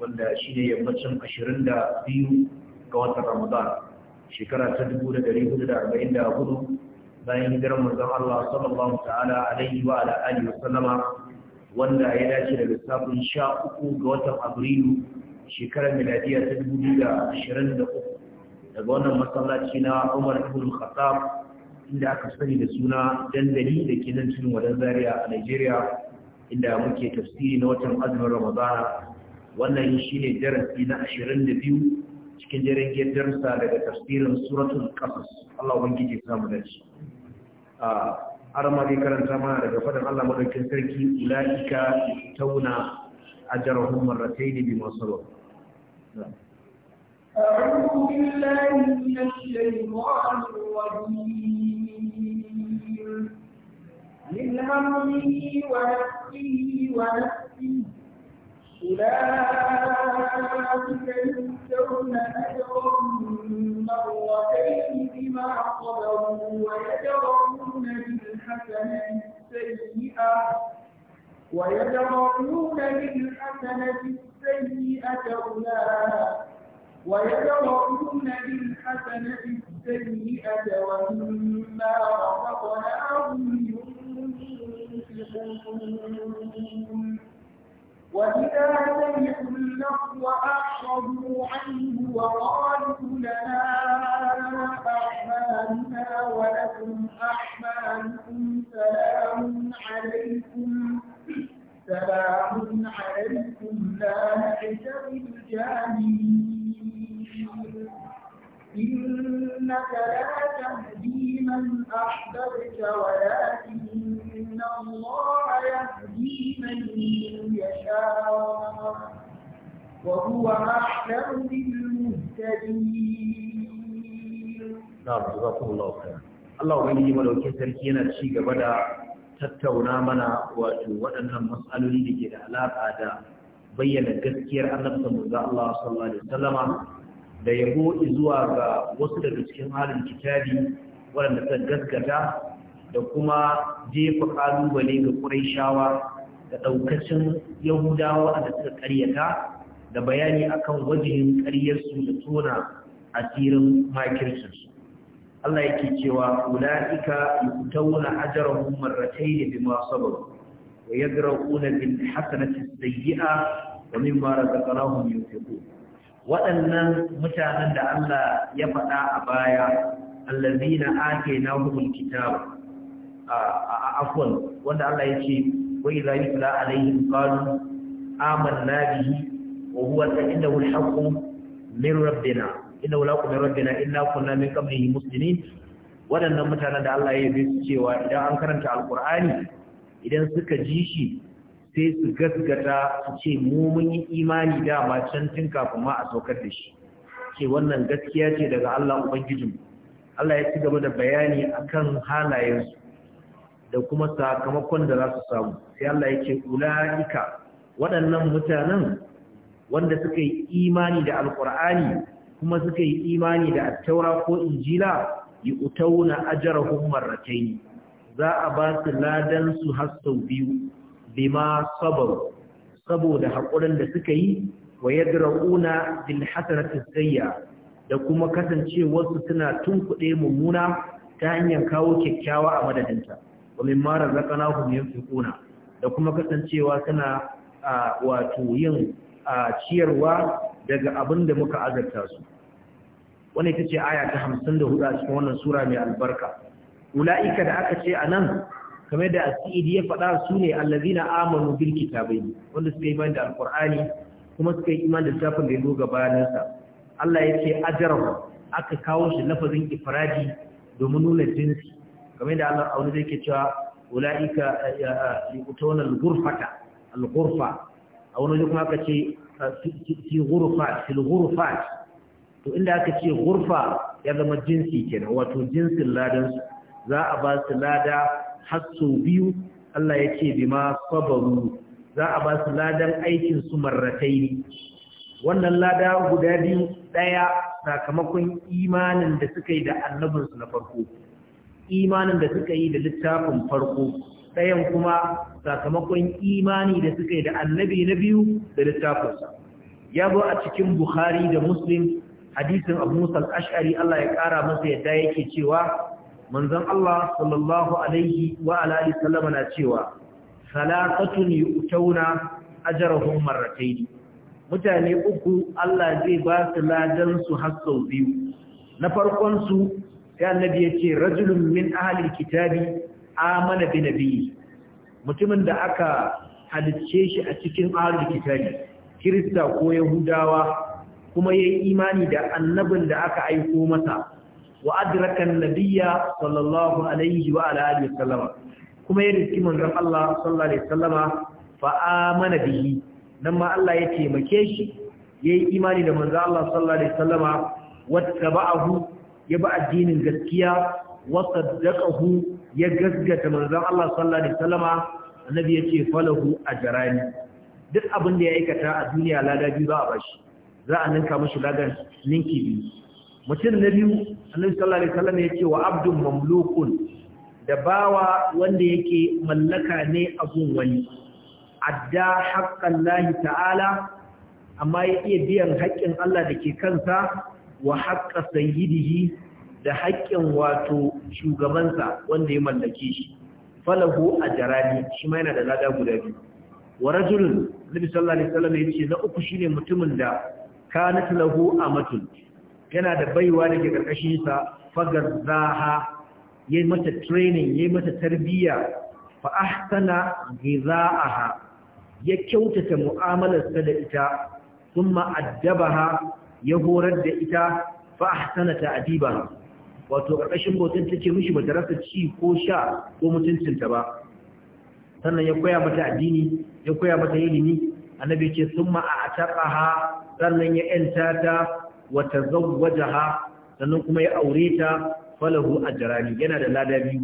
wanda shi ne yammacin 22 ga watan ramadan shekara ta 1444 bayan hijirar manzon Allah sallallahu ta'ala alaihi wa ala alihi wasallama wanda ya dace da lissafin 13 ga watan abrilu shekarar miladiya ta 2023 daga wannan masallaci na Umar ibn Khattab inda aka sani da suna dandali da ke nan cikin wadan zaria a Najeriya inda muke tafsiri na watan azumin Ramadana wannan shi ne darasi na ashirin da biyu cikin jirgin darsa daga tafsirin suratun qasas Allah ubangiji ya samu dace a arma karanta mana daga faɗin Allah madaukakin sarki ilaika tauna ajrahum marratayn bima sabaw أعوذ بالله من الشيطان الرجيم من همه ونفسه ونفسه أولئك يؤتون أجرهم مرتين بما صبروا ويدرؤون بالحسنة السيئة ويدرؤون بالحسنة السيئة أولئك ويدرؤون بالحسنة السيئة ومما رزقناهم ينفقون وإذا سمعوا اللغو أعرضوا عنه وقالوا لنا أعمالنا ولكم أعمالكم سلام عليكم سلام عليكم لا نحسب الجاهلين إنك لا تهدي من أحببت ولكن الله يهدي من يشاء وهو أعلم بالمهتدين نعم جزاكم الله خيرا Allah wani malaukin sarki yana ci gaba da tattauna mana wato waɗannan matsaloli da ke da alaƙa da bayyana gaskiyar annabta manzo sallallahu alaihi da yabo zuwa ga wasu daga cikin halin kitabi waɗanda suka gaskata da kuma jefa kalubale ga shawa. da ɗaukacin yahudawa da suka karyata da bayani akan wajihin karyarsu da tona asirin makircinsu Allah yake cewa ula'ika yutawna ajrahum marratayn bima sabaru wa yadra'una bil hasanati sayyi'a wa mimma razaqnahum yunfiqun waɗannan mutanen da Allah ya faɗa a baya allazina atainahumul kitaba a afwan wanda Allah ce. وإذا يتلى عليهم قالوا آمنا به وهو إنه الحق من ربنا إنه الحق من ربنا إنا كنا من قبله مسلمين waɗannan mutanen da Allah ya yi cewa idan an karanta alkur'ani idan suka ji shi sai su gaskata su ce mu mun yi imani dama can tun kafin ma a saukar da shi ce wannan gaskiya ce daga Allah ubangijinmu Allah ya ci gaba da bayani a kan halayensu da kuma sakamakon da za su samu sai Allah yake ula'ika waɗannan mutanen wanda suka yi imani da alƙur'ani kuma suka yi imani da attaura ko injila yi utauna ajarahum marratayn za a ba su ladan su har biyu bima sabaru saboda haƙurin da suka yi wa yadra'una bil hasanati sayya da kuma kasancewar su suna tunkuɗe mummuna ta hanyar kawo kyakkyawa a madadinta wa mimma razaqnahum yunfiquna da kuma kasancewa suna wato yin ciyarwa daga abin da muka azarta su wani ita ce aya ta hudu a cikin wannan sura mai albarka ula'ika da aka ce a nan kamar da asidi ya faɗa su ne allazina amanu bil kitabai wanda suka yi da alqur'ani kuma suka yi iman da tafin da ya doga bayanansa Allah ya ce aka kawo shi lafazin ifradi domin nuna jinsi kamar da Allah aure zai ke cewa ulaika eh, eh, eh, yutuna al-ghurfata al-ghurfa a wani kuma aka ce fi fil ghurfat to inda aka ce ghurfa ya zama jinsi kenan wato jinsin ladan su za a ba su lada har sau biyu Allah ya ce bima sabaru za a ba su ladan aikin su marratai wannan lada guda biyu daya sakamakon imanin da suka yi da annabinsu na farko imanin da suka yi da littafin farko ɗayan kuma sakamakon imani da suka yi da annabi na biyu da littafinsa ya zo a cikin bukhari da muslim hadisin abu musa allah ya ƙara masa yadda yake cewa manzon allah sallallahu alaihi wa alaihi sallama na cewa salatatun yu'tauna ajrahum marratayn mutane uku allah zai ba su ladan su har sau biyu na farkon su sai annabi ya ce rajulun min ahalil kitabi amana bi nabiyyi mutumin da aka halicce shi a cikin ahalil kitabi kirista ko yahudawa kuma yayi imani da annabin da aka aiko masa wa adraka annabiyya sallallahu alaihi wa ala alihi wasallama kuma ya riski manzon Allah sallallahu alaihi wasallama fa amana bihi nan ma Allah ya taimake shi yayi imani da manzon Allah sallallahu alaihi wasallama wattaba'ahu ya bi addinin gaskiya wasaddaqahu ya gaskata manzon Allah sallallahu alaihi wasallama annabi yace falahu jarani. duk abin da ya aikata a duniya lada biyu za a bashi za a ninka mashi ladan ninki biyu mutum na biyu annabi sallallahu alaihi ya yace wa abdun mamlukun da bawa wanda yake mallaka ne a gun wani adda haqqan lahi ta'ala amma ya iya biyan haƙƙin Allah da ke kansa wa haƙƙa sayyidihi da haƙƙin wato shugabansa wanda ya mallake shi falahu ajrani shi ma yana da lada guda biyu wa rajulun nabi sallallahu alaihi wasallam yace na uku shine mutumin da kanat lahu amatun yana da baiwa da ke karkashin sa fagazzaha yayi mata training yayi mata tarbiyya fa ahsana ghizaaha ya kyautata mu'amalarsa da ita kuma addabaha ya horar da ita fa ahsana ta'diba wato karkashin bautan take mishi bata rasa ci ko sha ko ta ba sannan ya koya mata addini ya koya mata ilimi annabi ce summa a'taqaha sannan ya enta ta wa tazawwajaha sannan kuma ya aure ta falahu ajrani yana da lada biyu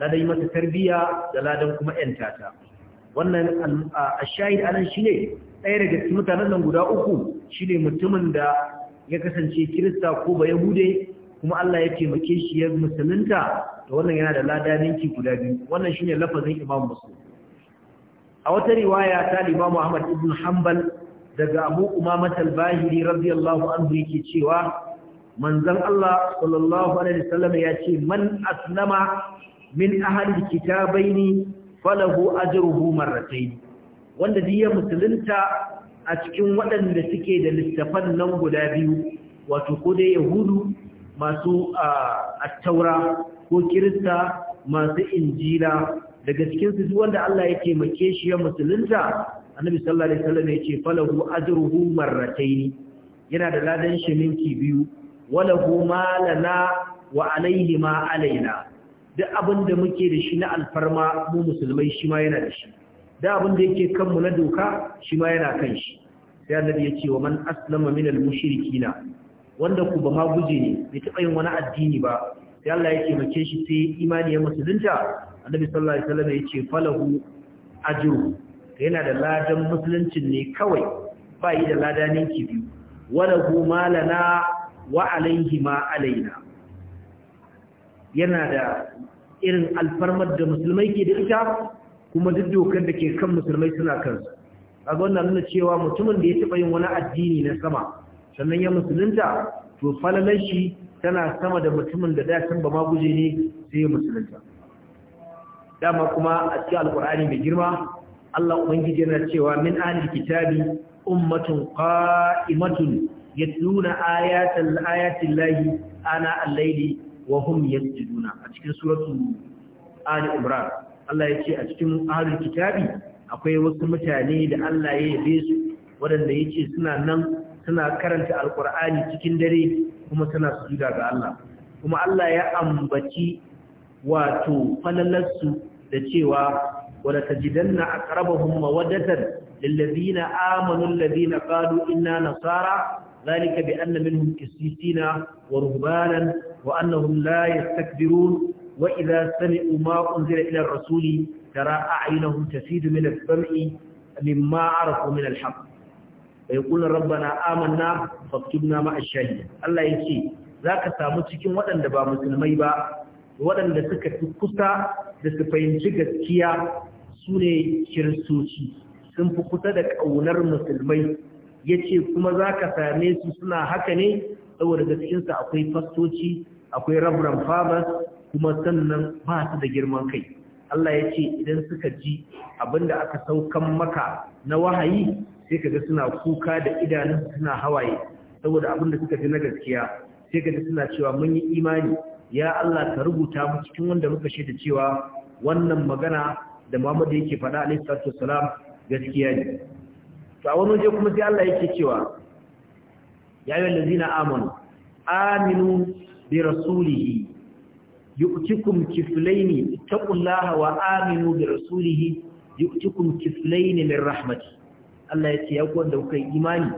ladan mata tarbiya da ladan kuma enta ta wannan ashahid anan shine ɗaya daga mutanen nan guda uku shine mutumin da ya kasance kirista ko ba yahude kuma Allah ya taimake shi ya musulunta da wannan yana da ladaninki guda biyu wannan shine lafazin Imam Muslim a wata riwaya ta Imam Ahmad ibn Hanbal daga Abu Umama al-Bahili radiyallahu anhu yake cewa manzon Allah sallallahu alaihi wasallam ya ce man aslama min ahli kitabaini falahu ajruhu marratayn wanda diya musulunta a cikin waɗanda suke da littafan nan guda biyu wato ko dai yahudu masu a taura ko kirista masu injila daga cikinsu su wanda Allah ya taimake shi ya musulunta annabi sallallahu alaihi wasallam yace falahu ajruhu marrataini yana da ladan shi minki biyu walahu malana wa alaihi ma alaina duk abin da muke da shi na alfarma mu musulmai shi ma yana da shi da abin da yake kanmu na doka shi ma yana kan shi sai annabi ya ce wa man aslama min al-mushrikina wanda ku ba ma guje ne bai taba yin wani addini ba sai Allah ya taimake shi sai imani ya musulunta annabi sallallahu alaihi wasallam ya ce falahu ajru yana da ladan musuluncin ne kawai ba yi da ladanin wala walahu malana wa alaihi ma alaina yana da irin alfarmar da musulmai ke da ita kuma duk dokar da ke kan musulmai suna kansu ga wannan nuna cewa mutumin da ya taɓa yin wani addini na sama sannan ya musulunta to falalar shi tana sama da mutumin da da can ba ma guje ne sai ya musulunta dama kuma a cikin alkur'ani mai girma Allah ubangiji yana cewa min ahli kitabi ummatun qa'imatun yatluna ayatal ayatil llahi ana al-layli wa hum yasjuduna a cikin suratu ali imran Allah ya ce a cikin ahlul kitabi akwai wasu mutane da Allah ya yabe su waɗanda ya ce suna nan suna karanta alkur'ani cikin dare kuma suna sujuda ga Allah kuma Allah ya ambaci wato falalarsu da cewa wala tajidanna aqrabahum mawaddatan lil ladina amanu alladhina qalu inna nasara ذلك بأن منهم كسيسين wa وأنهم لا يستكبرون wa idza sami'u ma unzila ila rasuli tara a'yunuhum tafidu min as-sam'i mimma arafu min al-haqq wa yaquluna amanna faktubna ma ash-shahid Allah yake zaka samu cikin waɗanda ba musulmai ba waɗanda suka fi kusa da su fahimci gaskiya su ne kiristoci sun fi kusa da ƙaunar musulmai ya ce kuma za ka same su suna haka ne saboda gaskinsu akwai fastoci akwai rabran fathers kuma sannan ba su da girman kai Allah ya ce idan suka ji abinda aka saukan maka na wahayi sai kaga suna kuka da idanun suna hawaye saboda abinda suka ji na gaskiya sai kaga suna cewa mun yi imani ya Allah ka rubuta mu cikin wanda muka shaida cewa wannan magana da Muhammad yake faɗa alaihi salatu wasalam gaskiya ne to a wani waje kuma sai Allah yake cewa ya ayyuhallazina amanu aminu bi rasulihi yu'tikum kiflaini taqullaha wa aminu da rasulihi yu'tikum kiflaini min rahmati Allah yace ya ku wanda kuka imani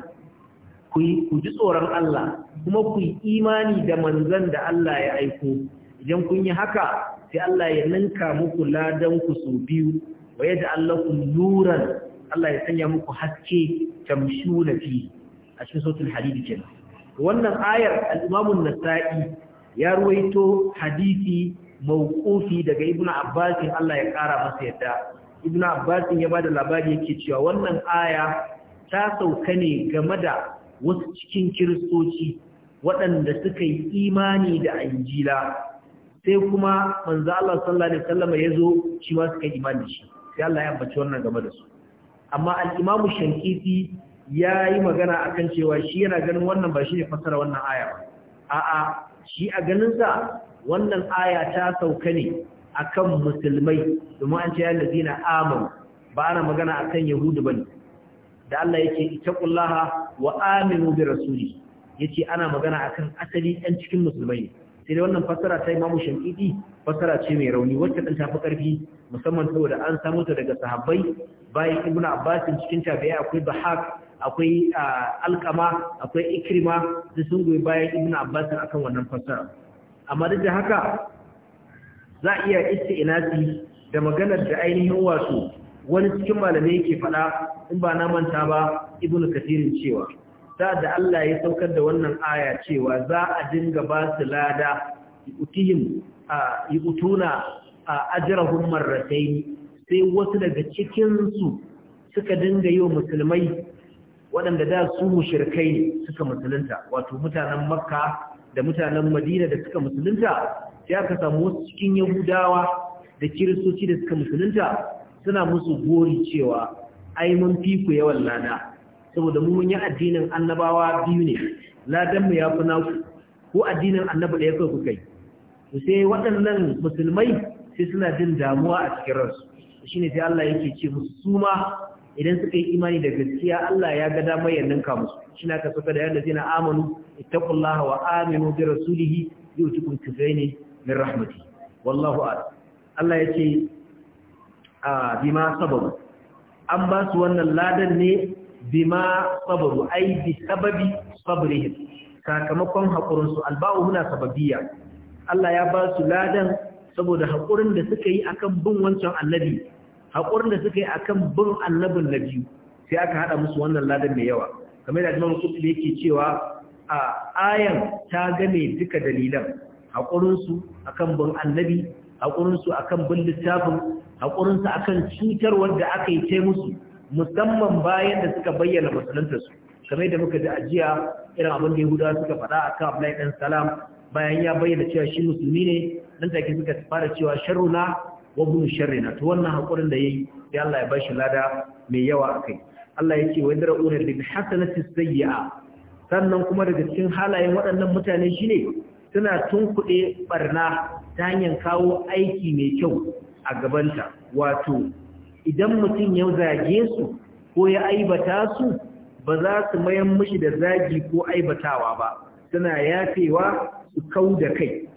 ku ku ji tsoron Allah kuma kuyi imani da manzon da Allah ya aiko idan kun yi haka sai Allah ya ninka muku ladan ku su biyu wa yaj'al lakum nuran Allah ya sanya muku haske tamshuna fi a cikin sautul hadidi wannan ayar al-Imam an-Nasa'i ya ruwaito hadisi mawqufi daga ibn abbas Allah ya kara masa yadda ibn abbas ya da labari yake cewa wannan aya ta sauka ne game da wasu cikin kiristoci waɗanda suka yi imani da injila sai kuma manzo Allah sallallahu alaihi wasallam ya zo shi ma suka imani shi sai Allah ya ambaci wannan game da su amma al-imamu shankiti ya yi magana akan cewa shi yana ganin wannan ba shi ne fasara wannan aya ba a'a shi a ganinsa wannan aya ta sauka ne akan musulmai domin an ce yalla zina amanu ba ana magana akan yahudu bane da Allah yake kullaha wa aminu bi rasuli yace ana magana akan asali ɗan cikin musulmai sai dai wannan fassara ta Imam Shafi'i fassara ce mai rauni wacce dan tafi ƙarfi? musamman da an samu ta daga sahabbai bayan ibnu abbas cikin tabi'i akwai bahak akwai alkama akwai ikrima da sun goyi bayan ibnu abbas akan wannan fassara amma duk da haka za a iya isti'inasi da maganar da ainihin wato wani cikin malamai yake faɗa in ba na manta ba ibnu kasirin cewa sa'ad da Allah ya saukar da wannan aya cewa za a dinga ba su lada yu'tihim a ajrahum marratayn sai wasu daga cikin su suka dinga yi musulmai waɗanda da su mushrikai ne suka musulunta wato mutanen makka da mutanen madina da suka musulunta sai aka samu wasu cikin yahudawa da kiristoci da suka musulunta suna musu gori cewa ai mun fi ku yawan lada saboda mu mun yi addinin annabawa biyu ne ladan mu yafi naku ko addinin annabi da yake kai ku kai, sai waɗannan musulmai sai suna jin damuwa a cikin ransu shi ne sai Allah yake ce musu su ma idan suka yi imani da gaskiya Allah ya ga damar ya ninka musu shi na kaso da yadda zai na amanu ittaqullaha wa aminu bi rasulihi yutukum ne min rahmati wallahu a Allah ya ce a bima sababu an ba su wannan ladan ne bima sababu ai bi sababi sabrihim sakamakon haƙurinsu alba'u muna sababiyya Allah ya ba su ladan saboda haƙurin da suka yi akan bin wancan annabi haƙurin da suka yi akan bin annabin na biyu sai aka haɗa musu wannan ladan mai yawa kamar da imam kutubi yake cewa a ayan ta game duka dalilan haƙurinsu akan bin annabi haƙurinsu akan bin littafin haƙurinsu akan cutar wanda aka yi ta musu musamman bayan da suka bayyana su. kamar da muka ji ajiya irin abin da yahudawa suka faɗa a kan dan salam bayan ya bayyana cewa shi musulmi ne nan take suka fara cewa sharruna wa bunu sharrina to wannan hakurin da yayi sai Allah ya bashi lada mai yawa akai Allah ya ce wa yadra'una bi hasanati sayyi'a sannan kuma daga cikin halayen waɗannan mutane shine suna tunkuɗe barna ta hanyar kawo aiki mai kyau a gabanta wato idan mutum ya zage su ko ya aibata su ba za su mayan mishi da zagi ko aibatawa ba suna yafewa su kau da kai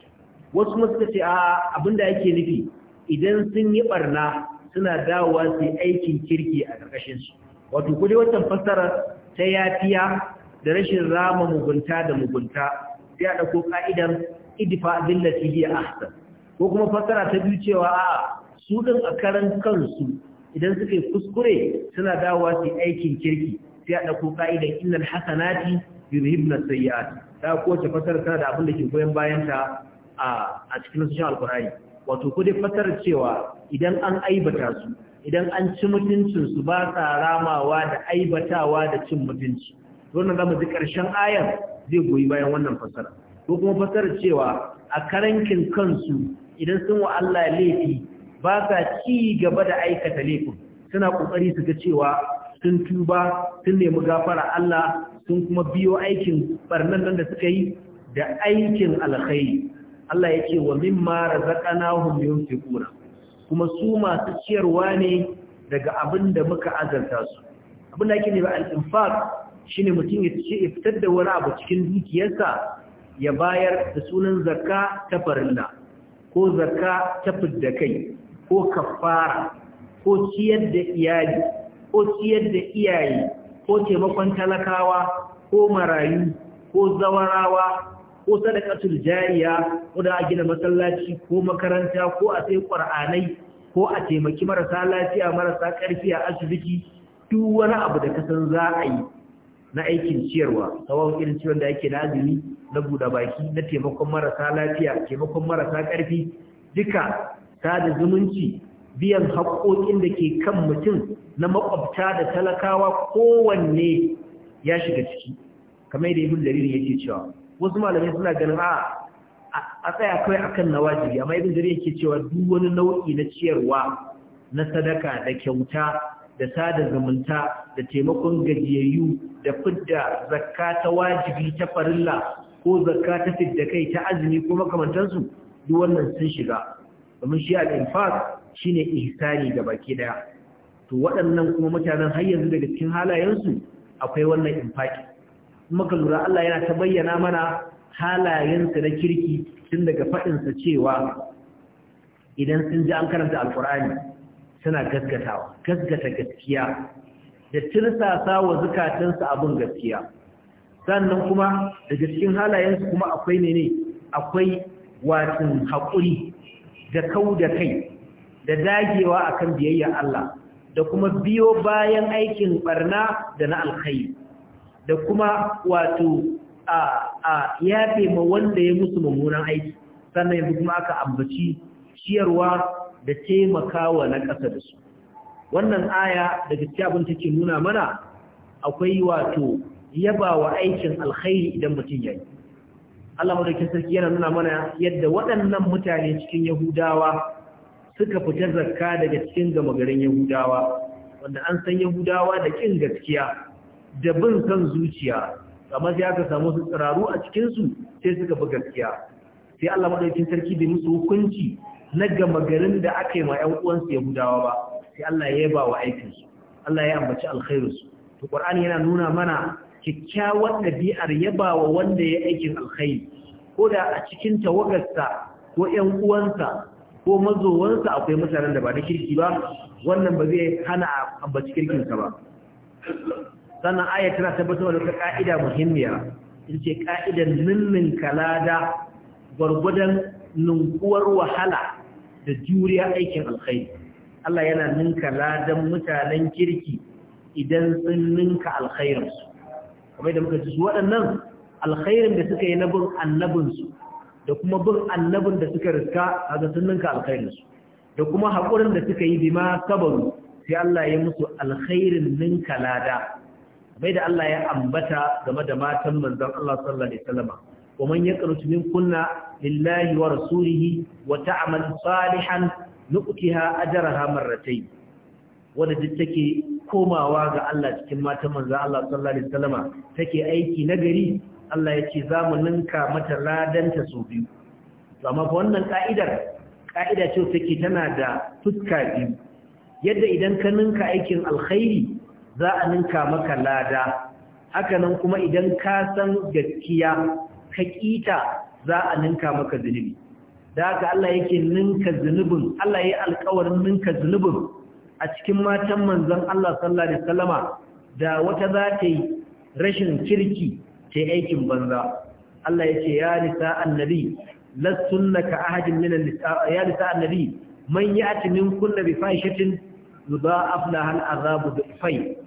wasu kuma suka ce a abinda yake nufi idan sun yi barna suna dawowa su aikin kirki a ƙarƙashin su wato kudi fasara fassara ta yafiya da rashin rama mugunta da mugunta sai a ɗauko ka'idan idfa billati hiya ahsan ko kuma fassara ta biyu cewa a su din a karan kansu idan suka yi kuskure suna dawowa su aikin kirki sai a ɗauko ka'idan innal hasanati yuzhibna sayyi'at ta kowace fasara tana da abin da ke goyon bayan ta a cikin sashen alkurari wato ko dai fatar cewa idan an aibata su idan an ci mutuncin su ba sa ramawa da aibatawa da cin mutunci wannan zamu ji karshen ayar zai goyi bayan wannan fasara ko kuma fasara cewa a karankin kansu idan sun wa Allah laifi ba sa ci gaba da aikata laifin suna kokari su ga cewa sun tuba sun nemi gafara Allah sun kuma biyo aikin barnan da suka yi da aikin alkhairi Allah ya ce wa mimma razaqnahum yunfiquna kuma su masu ciyarwa ne daga abin da muka azarta su abin da ne ba al-infaq shine mutum ya ce ya fitar da wani abu cikin dukiyarsa ya bayar da sunan zakka ta farilla ko zakka ta fidda kai ko kafara ko ciyar da iyali ko ciyar da iyaye ko taimakon talakawa ko marayu ko zawarawa ko sadakatul jariya ko a gina masallaci ko makaranta ko a sai qur'anai ko a taimaki marasa lafiya marasa ƙarfi a asibiti duk wani abu da kasan za a yi na aikin ciyarwa tsawon irin ciwon da yake na azumi na buɗe baki na taimakon marasa lafiya taimakon marasa karfi duka sada zumunci biyan haƙoƙin da ke kan mutum na makwabta da talakawa kowanne ya shiga ciki kamar da ibn jarir yake cewa wasu malamai suna ganin a a tsaya kawai akan na wajibi amma ibn jarir yake cewa duk wani nau'i na ciyarwa na sadaka da kyauta da sada zumunta da taimakon gajiyayyu da fidda zakka ta wajibi ta farilla ko zakka ta fidda kai ta azumi ko makamantansu duk wannan sun shiga domin shi al-infaq shine ihsani ga baki daya to waɗannan kuma mutanen har yanzu daga cikin halayensu akwai wannan infaki Maka lura Allah yana ta bayyana mana halayensa na kirki tun daga faɗinsa cewa idan sun ji an karanta alkur'ani suna gaskatawa gaskata gaskiya da tirsasa wa zukatansu abin gaskiya sannan kuma daga cikin halayensu kuma akwai ne ne akwai watin haƙuri da kau da kai da dagewa akan biyayya Allah da kuma biyo bayan aikin barna da na alkhairi da kuma wato a yafe ma wanda ya musu mummunan aiki sannan yanzu kuma aka ambaci ciyarwa da taimakawa na ƙasa da su wannan aya da gaske abin take nuna mana akwai wato yaba wa aikin alkhairi idan mutum yi. Allah madaukakin sarki yana nuna mana yadda waɗannan mutane cikin Yahudawa suka fita zakka daga cikin gama garin Yahudawa wanda an san Yahudawa da ƙin gaskiya da bin kan zuciya kamar sai aka samu su tsiraru a cikinsu sai suka fi gaskiya sai Allah madaukakin sarki bai musu hukunci na gama garin da aka yi ma ƴan ya Yahudawa ba sai Allah ya yaba wa aikinsu Allah ya ambaci alkhairinsu to Qur'ani yana nuna mana kyakkyawar ɗabi'ar yaba wa wanda ya aikin alkhairi ko da a cikin tawagarsa ko ‘yan uwansa ko mazowansa akwai mutanen da ba da kirki ba wannan ba zai hana ambaci kirkinsa ba sannan aya tana tabbatar da ka'ida muhimmiya ita ce ka'idar ninnin kalada gwargwadon ninkuwar wahala da juriya aikin alkhairi Allah yana ninka ladan mutanen kirki idan sun ninka alkhairarsu. kamar da muka ji su waɗannan alkhairin da suka yi na bin annabinsu da kuma bin annabin da suka riska a ga sun ninka alkhairinsu da kuma haƙurin da suka yi bima sabaru sai Allah ya musu alkhairin ninka lada bai da Allah ya ambata game da matan manzon Allah sallallahu alaihi wasallam wa man yaqnutu min kunna lillahi wa rasulihi wa ta'mal salihan nuqtiha ajraha marratayn wanda duk take komawa ga Allah cikin matan manzon Allah sallallahu alaihi wasallam take aiki na gari, Allah ya ce za mu ninka mata ladanta su biyu amma fa wannan ka'idar ka'ida take tana da fuska biyu yadda idan ka ninka aikin alkhairi za a ninka maka lada Hakanan kuma idan ka san gaskiya ka kita za a ninka maka zunubi da haka Allah yake ninka zunubin Allah yayi alƙawarin ninka zunubin a cikin matan manzon Allah sallallahu alaihi wasallama da wata za ta yi rashin kirki ta aikin banza Allah yace ya nisa annabi lastunna ka ahadin min ya nisa annabi man ya'ti min kulli bi fahishatin yudha'af laha al'azabu bi fai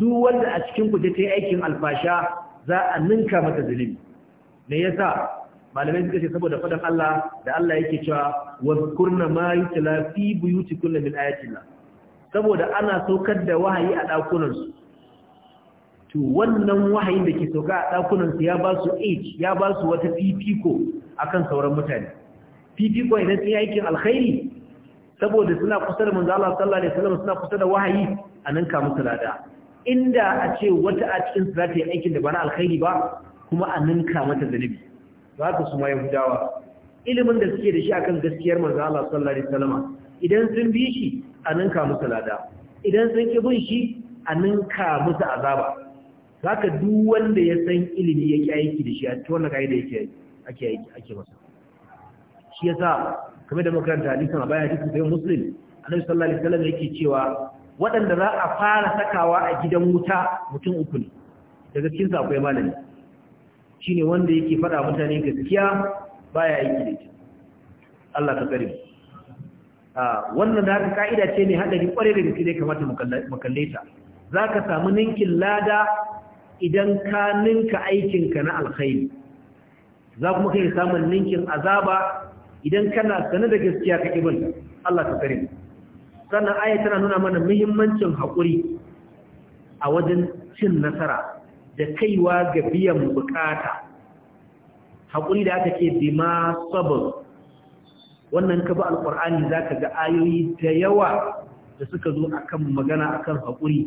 duk wanda a cikin ku ta yi aikin alfasha za a ninka mata zulubi me yasa malamai suka ce saboda fadan Allah da Allah yake cewa wazkurna ma yutla fi buyutikunna min ayatillah saboda ana saukar da wahayi a dakunan su to wannan wahayin da ke sauka a dakunan su ya ba su age ya ba su wata fifiko akan sauran mutane fifiko idan sun yi aikin alkhairi saboda suna kusa da manzo Allah sallallahu alaihi wasallam suna kusa da wahayi anan ka musu lada inda a ce wata a cikin su za ta yi aikin da ba na alkhairi ba kuma a ninka mata zunubi za ka su ma yahudawa ilimin da suke da shi akan gaskiyar manzo Allah sallallahu alaihi wasallam idan sun bi shi a ninka musu lada idan sun ki bin shi a ninka musu azaba zaka duk wanda ya san ilimi ya kiyaye aiki da shi a cikin wannan kaida yake ake yi ake masa shi yasa kamar da makaranta hadisin a baya cikin sai muslim annabi sallallahu alaihi wasallam yake cewa waɗanda za a fara sakawa a gidan wuta mutum uku ne daga cikin sa akwai malami shine wanda yake faɗa mutane gaskiya baya aiki da ita Allah ka kare wannan da haka ka'ida ce ne haɗari ƙware da gaske zai kamata mu kalle ta za ka samu ninkin lada idan ka ninka aikinka na alkhairi za kuma kai samun ninkin azaba idan kana sanin da gaskiya ka ibin Allah ka kare sannan aya tana nuna mana muhimmancin haƙuri a wajen cin nasara da kaiwa ga biyan bukata haƙuri da aka ce bima sabr wannan ka bi alƙur'ani za ka ga ayoyi da yawa da suka zo akan magana akan haƙuri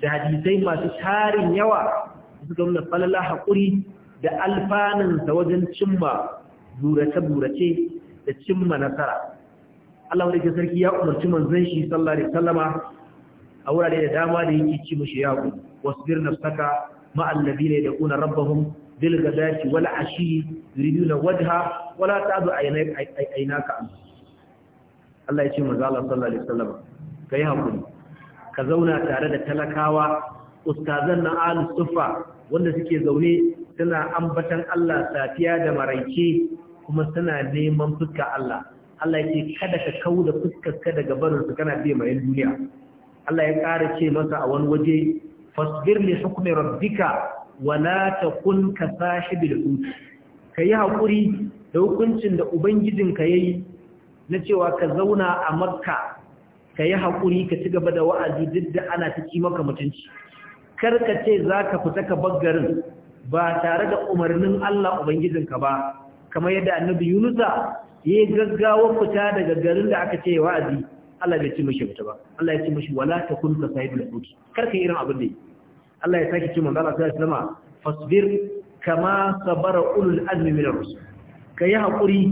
da hadisai masu tarin yawa da suka nuna falala haƙuri da da wajen cimma burace-burace da cimma nasara Allah wanda ke sarki ya umarci manzan shi sallah da sallama a wurare da dama da yake ci mushi ya ku wasbir nafsaka ma da kuna rabbahum bil ghadati wal ashi yuriduna wajha wala ta'du aynaka an Allah ya ce manzo Allah sallallahu alaihi wasallama kai hakuri ka zauna tare da talakawa ustazan na ahlus sufa wanda suke zaune suna ambatan Allah safiya da maraice kuma suna neman fuska Allah Allah yake kada ka kauda fuskarka daga barin su kana biye mai duniya Allah ya ƙara ce masa a wani waje fasbir li hukmi rabbika wa la takun ka sahibil hut kayi hakuri da hukuncin da ubangijin ubangijinka yayi na cewa ka zauna a makka kayi hakuri ka ci gaba da wa'azi duk da ana ta ci maka mutunci kar ka ce za ka fita ka baggarin ba tare da umarnin Allah ubangijin ka ba kamar yadda annabi Yunusa ya gaggawa fita daga garin da aka ce wa'azi Allah ya ci mashi fita ba Allah ya ci mashi wala kun ka da hut karka irin abin da yi Allah ya sake ce manzara Allah sallallahu fasbir kama sabara ulul azmi min ar-rusul yi hakuri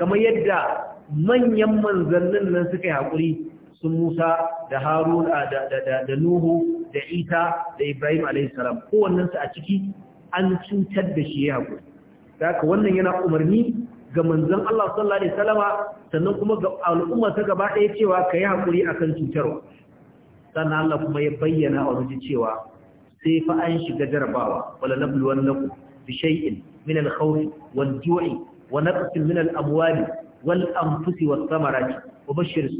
kamar yadda manyan manzannin nan suka yi hakuri sun Musa da Harun da Nuhu da Ita, da Ibrahim alaihi salam kowannen su a ciki an cutar da shi ya hakuri haka wannan yana umarni ga manzon Allah sallallahu alaihi sannan kuma ga al'umma ta gaba ɗaya cewa haƙuri a kan cutarwa sannan Allah kuma ya bayyana a wajen cewa sai fa an shiga jarabawa wala nabluwannakum bi shay'in min al-khawf wal-ju'i wa naqsin min al wal-anfusi was-samarati wa bashshir as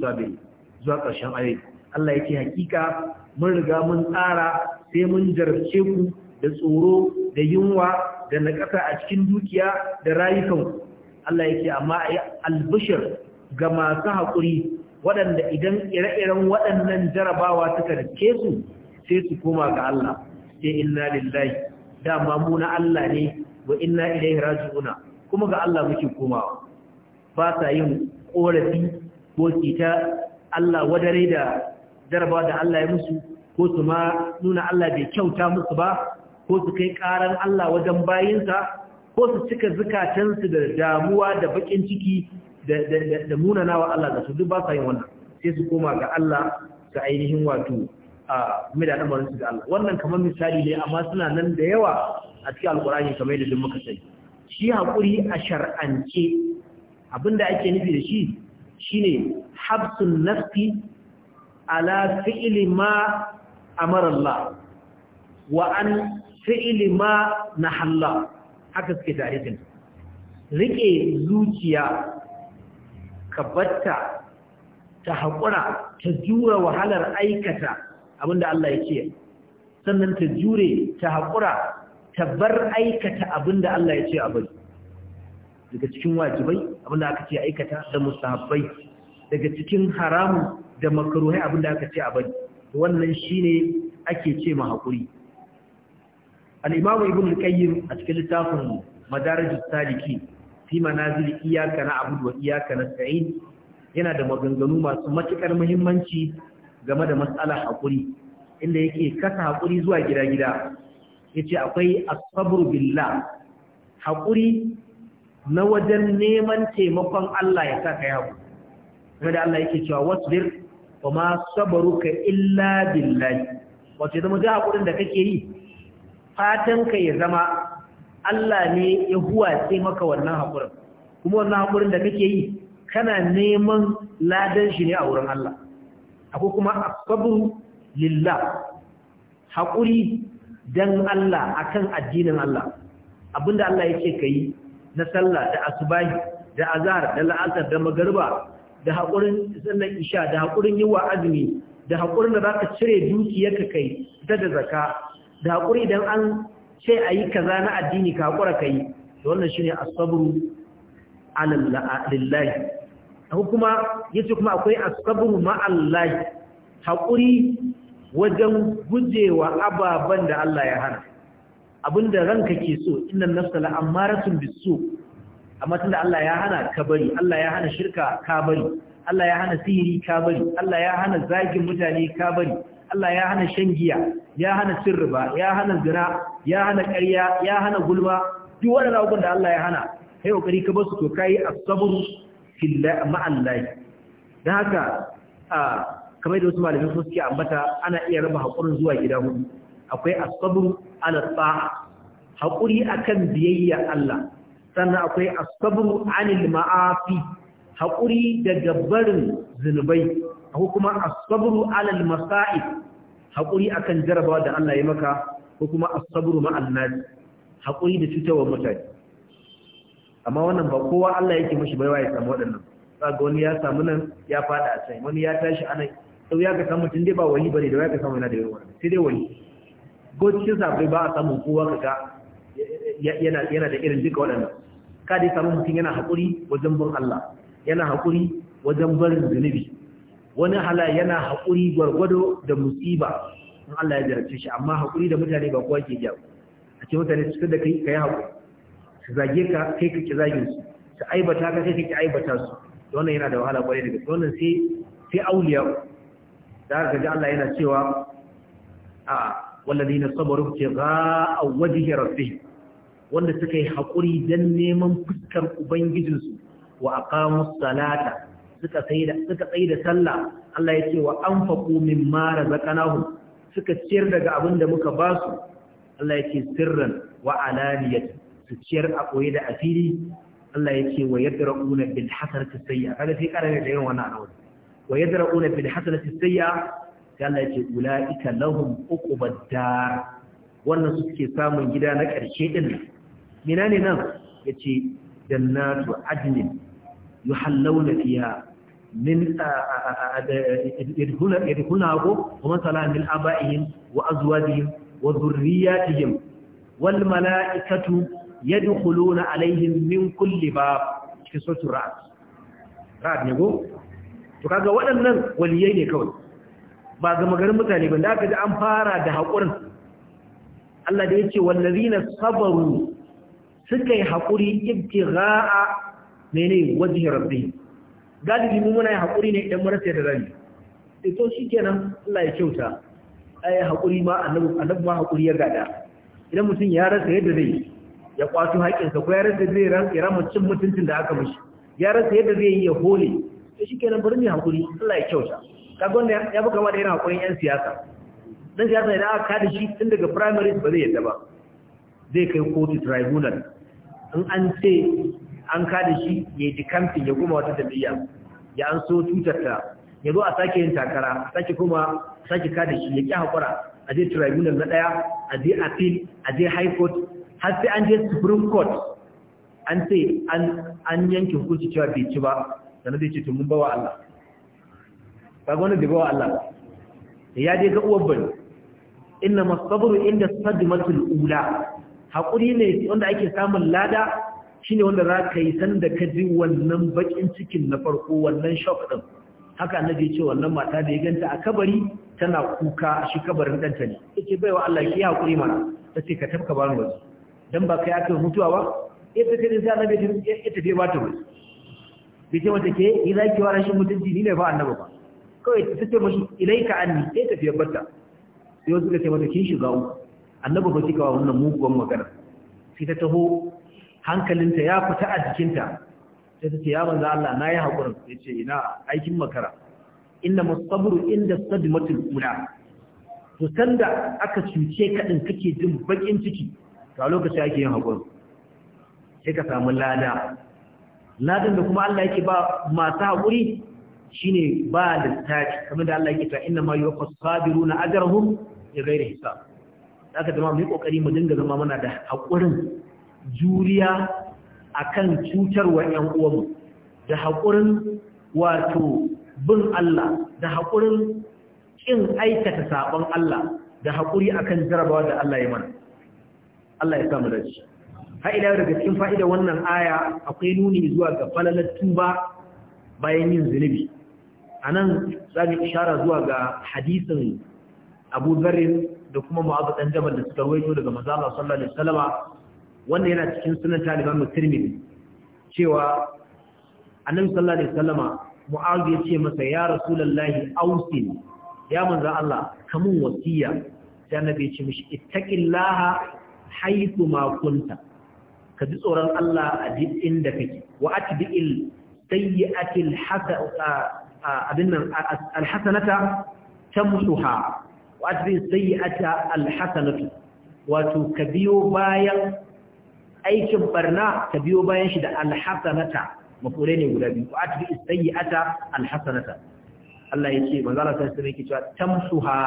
zuwa ƙarshen ayoyi Allah ce hakika mun riga mun tsara sai mun jarabce ku da tsoro da yunwa da naƙasa a cikin dukiya da rayukanku Allah yake amma ayi albishir ga masu haƙuri waɗanda idan ire-iren waɗannan jarabawa suka rike su sai su koma ga Allah sai inna lillahi dama mu na Allah ne wa inna ilaihi raji'una kuma ga Allah muke komawa ba sa yin korafi ko kita Allah wadare da jarabawa da Allah ya musu ko su ma nuna Allah bai kyauta musu ba ko su kai karan Allah wajen bayinsa ko su cika zukatansu da damuwa da bakin ciki da munana wa Allah da su duk ba sa yin wannan sai su koma ga Allah ga ainihin wato a mai da su ga Allah wannan kamar misali ne amma suna nan da yawa a cikin alkurani kamar yadda duk muka sani shi haƙuri a shar'ance abinda ake nufi da shi shine habsun nafsi ala fi'li ma amara Allah wa an fi'li ma nahalla haka suke tarihin rike zuciya ka ta haƙura ta jura wahalar aikata abinda Allah ya ce sannan ta jure ta haƙura ta bar aikata abinda Allah ya ce a bari daga cikin wajibai abinda aka ce aikata da musahabbai daga cikin haramun da makaruhai abinda aka ce a bari wannan shine ake ce ma haƙuri al-imamu ibn al-qayyim a cikin littafin madarajus saliki fi manazil iyyaka na'budu iyaka na nasta'in yana da maganganu masu matukar muhimmanci game da matsalar haƙuri. inda yake kasa hakuri zuwa gida-gida yace akwai Asabar sabru haƙuri na wajen neman taimakon Allah ya saka yawo kuma da Allah yake cewa wasbir wa ma sabruka illa billahi wato zama da haƙurin da kake yi fatan ya zama Allah ne ya huwa sai maka wannan haƙurin kuma wannan haƙurin da kake yi kana neman ladan shi ne a wurin Allah akwai kuma asabru lillah haƙuri dan Allah akan addinin Allah abinda Allah yake kai na sallah da asubahi da azhar da la'asar da magriba da haƙurin sallar isha da haƙurin yi wa azumi da haƙurin da zaka cire dukiyarka kai ta da zakka da haƙuri idan an ce a yi kaza na addini ka haƙura ka yi da wannan shi ne asabru alillahi kuma ya ce kuma akwai asabru ma'allahi haƙuri wajen gujewa ababen da Allah ya hana abinda ranka ke so inna nafsa la'ammaratun bisu amma tunda Allah ya hana ka bari Allah ya hana shirka ka bari Allah ya hana sihiri ka bari Allah ya hana zagin mutane ka bari Allah ya hana shan giya ya hana cin ya hana zina ya hana ƙarya ya hana gulma duk waɗannan abubuwan da Allah ya hana kai kokari ka basu to kai as-sabr fillah ma'allahi haka a kamar da wasu malamin su suke ambata ana iya raba hakurin zuwa gida hudu akwai as-sabr ala Haƙuri akan biyayya Allah sannan akwai as-sabr anil ma'afi Haƙuri daga barin zinubai Akwai kuma as-sabr ala masaib haƙuri akan jarabawa da Allah ya maka ko kuma asabru ma'an haƙuri da cutarwar mutane amma wannan ba kowa Allah yake mishi baiwa ya samu waɗannan ga wani ya samu nan ya fada a can wani ya tashi anan sau ya ga samu tun dai ba wani bane da ya ka samu yana da yawa sai dai wani gocin sabai ba a samu kowa kaga yana yana da irin duka waɗannan ka dai samu mutum yana haƙuri wajen bin Allah yana haƙuri wajen barin zunubi wani hala yana haƙuri gwargwado da musiba in Allah ya jarabce shi amma haƙuri da mutane ba kowa ke jawo a ce mutane su da kai ka yi haƙuri su zage ka kai ka ki zagin su su aibata ka kai ka ki aibata su wannan yana da wahala kwarai daga wannan sai sai auliya da aka ji Allah yana cewa a na sabaru a wajhi rabbihim wanda suka yi haƙuri dan neman fuskar ubangijinsu wa aqamu salata suka tsaida suka sallah Allah ya ce wa anfaqu mimma razaqnahum suka ciyar daga abin da muka ba su Allah ya ce sirran wa su ciyar a koyi da afili Allah ya ce wa yadra'una bil hasanati sayya kaga sai karare da irin wannan alawar wa yadra'una bil hasanati sayya sai Allah ya ce ulaika lahum uqubad dar wannan suke samun gida na ƙarshe din mina ne nan yace jannatu adnin yuhallawna fiha min idhunahu wa man sala min aba'ihim wa azwajihim wa dhurriyyatihim wal mala'ikatu yadkhuluna alaihim min kulli bab cikin suratul ra'd ne go to kaga waɗannan waliyai ne kawai ba ga magarin mutane ba da aka ji an fara da haƙurin Allah da ya ce wallazina sabaru suka yi haƙuri ibtigha'a mene wajhi rabbi galibi mu muna haƙuri ne idan marasa da rami ito e, shi kenan Allah ya kyauta ai haƙuri ma annabi ma haƙuri ya gada idan mutum ya rasa yadda zai ya kwato haƙinsa ko ya rasa zai ran kiramin mutum mutuntun da aka mishi ya rasa yadda zai yi ya hole to shi kenan bari mu haƙuri Allah ya kyauta kaga wannan ya buga da irin haƙurin yan siyasa dan siyasa idan aka kada shi tun daga primaries ba zai yadda ba zai kai kotu tribunal in an ce an kada shi ya yi kamfin ya goma wata tafiya. ya an so tutarta ya zo a sake yin takara a sake kuma sake kada shi ya ƙi haƙura a je tribunal na ɗaya a je appeal a je high court har sai an je supreme court an ce an yanke hukunci cewa bai ci ba sannan zai ce to mun bawa Allah ba wani da bawa Allah ya je ga uwar bane inna masabru inda matul ula haƙuri ne wanda ake samun lada shine wanda za ka yi sanda ka ji wannan bakin cikin na farko wannan shock ɗin. haka annabi ce wannan mata da ya ganta a kabari tana kuka shi kabarin ɗanta ne yace baiwa Allah ki hakuri mana ce ka tafka ba mu dan ba kai aka mutuwa ba eh sai kai sai annabi ya tafi ba ta wuri bai ce mata ke yi za ki wa rashin mutunci ni ne ba annabi ba kawai ta ce mashi ilaika anni ta tafiyar bata? sai wasu ta ce mata kin shiga uku annabi ba kika kawo wannan muguwan magana sai ta taho hankalinta ya fita a jikinta sai ta ce ya banza Allah na yi haƙurin ya ce ina aikin makara inda masaburu inda sadimatul ula to sanda aka cuce kaɗin kake jin bakin ciki ta lokaci ake yin haƙurin sai ka samu lada ladan da kuma Allah yake ba masu haƙuri shine ba littafi kamar da Allah yake ta inna ma yuwaffas sabiruna ya bi ghairi hisab haka jama'a mu yi kokari mu dinga zama muna da haƙurin juriya akan cutarwa ‘yan uwanmu da haƙurin wato bin Allah da haƙurin ƙin aikata saɓon Allah da haƙuri akan jarabawa da Allah ya mana. Allah ya samu dace. Ha'ila daga cikin fa'ida wannan aya akwai nuni zuwa ga falalar tuba bayan yin zunubi. A nan za mu ishara zuwa ga hadisin Abu zarin da kuma Mu'adh Jabal da suka ruwaito daga Manzo sallallahu alaihi wasallama wannan yana cikin sunan taliban musulmi cewa annabi sallallahu alaihi wasallama mu'az ya ce masa ya rasulullahi ausin ya manzo Allah kamun wasiya sai annabi ya ce mishi ittaqillaha haythu ma kunta ka ji tsoron Allah a duk inda kake wa atbi'il sayyi'atil hasanata tamsuha wa atbi'is sayyi'ata alhasanatu wato ka biyo bayan aikin barna ta biyo bayan shi da alhassanata. mafulai ne guda biyu a tafi sayyi'ata alhassanata. Allah ya ce manzala sai sai yake cewa tamsuha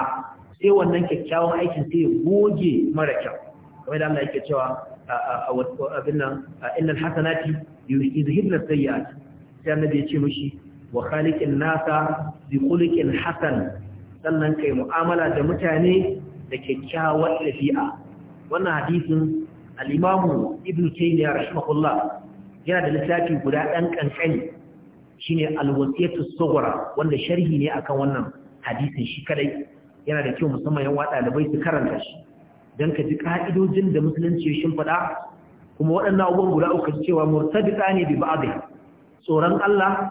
sai wannan kyakkyawan aikin sai ya goge mara kyau kamar da Allah yake cewa abin nan innal hasanati yuzhibna sayyi'at sai annabi ya ce mishi wa khaliqin nasa bi khuluqin hasan sannan kai mu'amala da mutane da kyakkyawan dabi'a wannan hadisin alimamu imamu ibn taymiya rahimahullah yana da littafi guda dan kankani shine al-wasiyatu sughra wanda sharhi ne akan wannan hadisin shi kadai yana da kyau musamman yan wada dalibai su karanta shi Don ka ji ka'idojin da musulunci ya shimfida kuma waɗannan abubuwan guda uku cewa murtabita ne bi ba'dhi tsoron Allah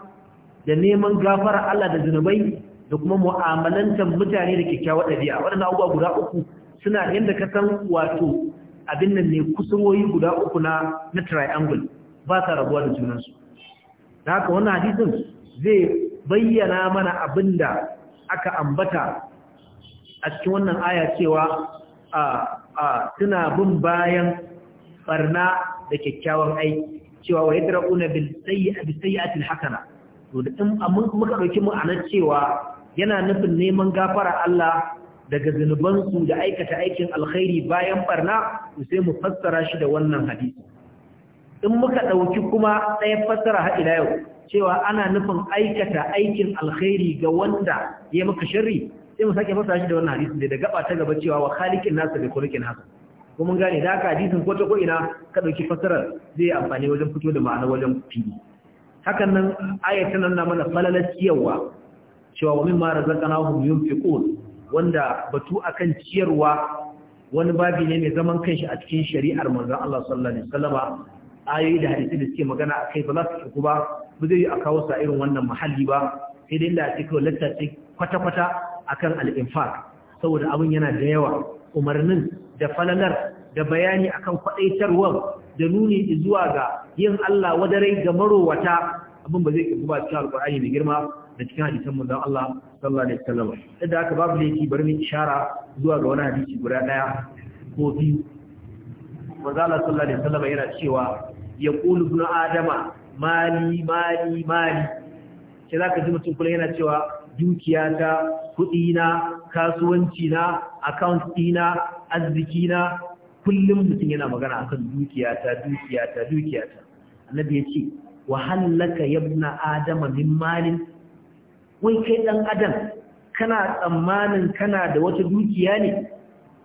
da neman gafara Allah da zunubai da kuma mu'amalantar mutane da kyakkyawar ɗabi'a waɗannan abubuwa guda uku suna yadda ka san wato abin nan ne kusurwoyi guda uku na na triangle ba sa rabuwa da junansu da haka wannan hadisin zai bayyana mana abin da aka ambata a cikin wannan aya cewa a suna bin bayan barna da kyakkyawan aiki cewa wa yadda ra'una bisayyatil hakana to da in muka ɗauki ma'anar cewa yana nufin neman gafara Allah daga zunubansu da aikata aikin alkhairi bayan barna sai mu fassara shi da wannan hadisi in muka ɗauki kuma ɗaya fassara haɗi yau cewa ana nufin aikata aikin alkhairi ga wanda ya maka sharri sai mu sake fassara shi da wannan hadisi da gaba ta gaba cewa wa khaliqin nasu bi khuluqin hasan kuma mun gane da haka hadisin ko ta ko ina ka ɗauki fassara zai amfani wajen fito da ma'ana wajen fili hakan nan ayatan nan na mana falalar ciyarwa cewa wa mimma razaqnahum yunfiqun wanda batu akan ciyarwa wani babi ne mai zaman kanshi a cikin shari'ar manzon Allah sallallahu alaihi wasallama ayoyi da hadisi da suke magana akai ba za su shiku ba ba zai yi a kawo sa irin wannan muhalli ba sai dai Allah ya lalla ce kwata-kwata akan kan infaq saboda abin yana da yawa umarnin da falalar da bayani akan kwadaitarwar da nuni zuwa ga yin Allah wadarai ga marowata abin ba zai kibu ba cikin alkur'ani mai girma da cikin hadisan manzon Allah sallallahu alaihi wasallam idan aka babu laifi bari mu ishara zuwa ga wani hadisi guda daya ko biyu manzo Allah sallallahu alaihi wasallam yana cewa yaqulu ibn adama mali mali mali sai zaka ji mutum kullum yana cewa dukiyata na kasuwanci na account dina arziki na kullum mutum yana magana akan dukiyata dukiyata dukiyata annabi yace wa hallaka yabna adama min malin wai kai ɗan adam kana tsammanin kana da wata dukiya ne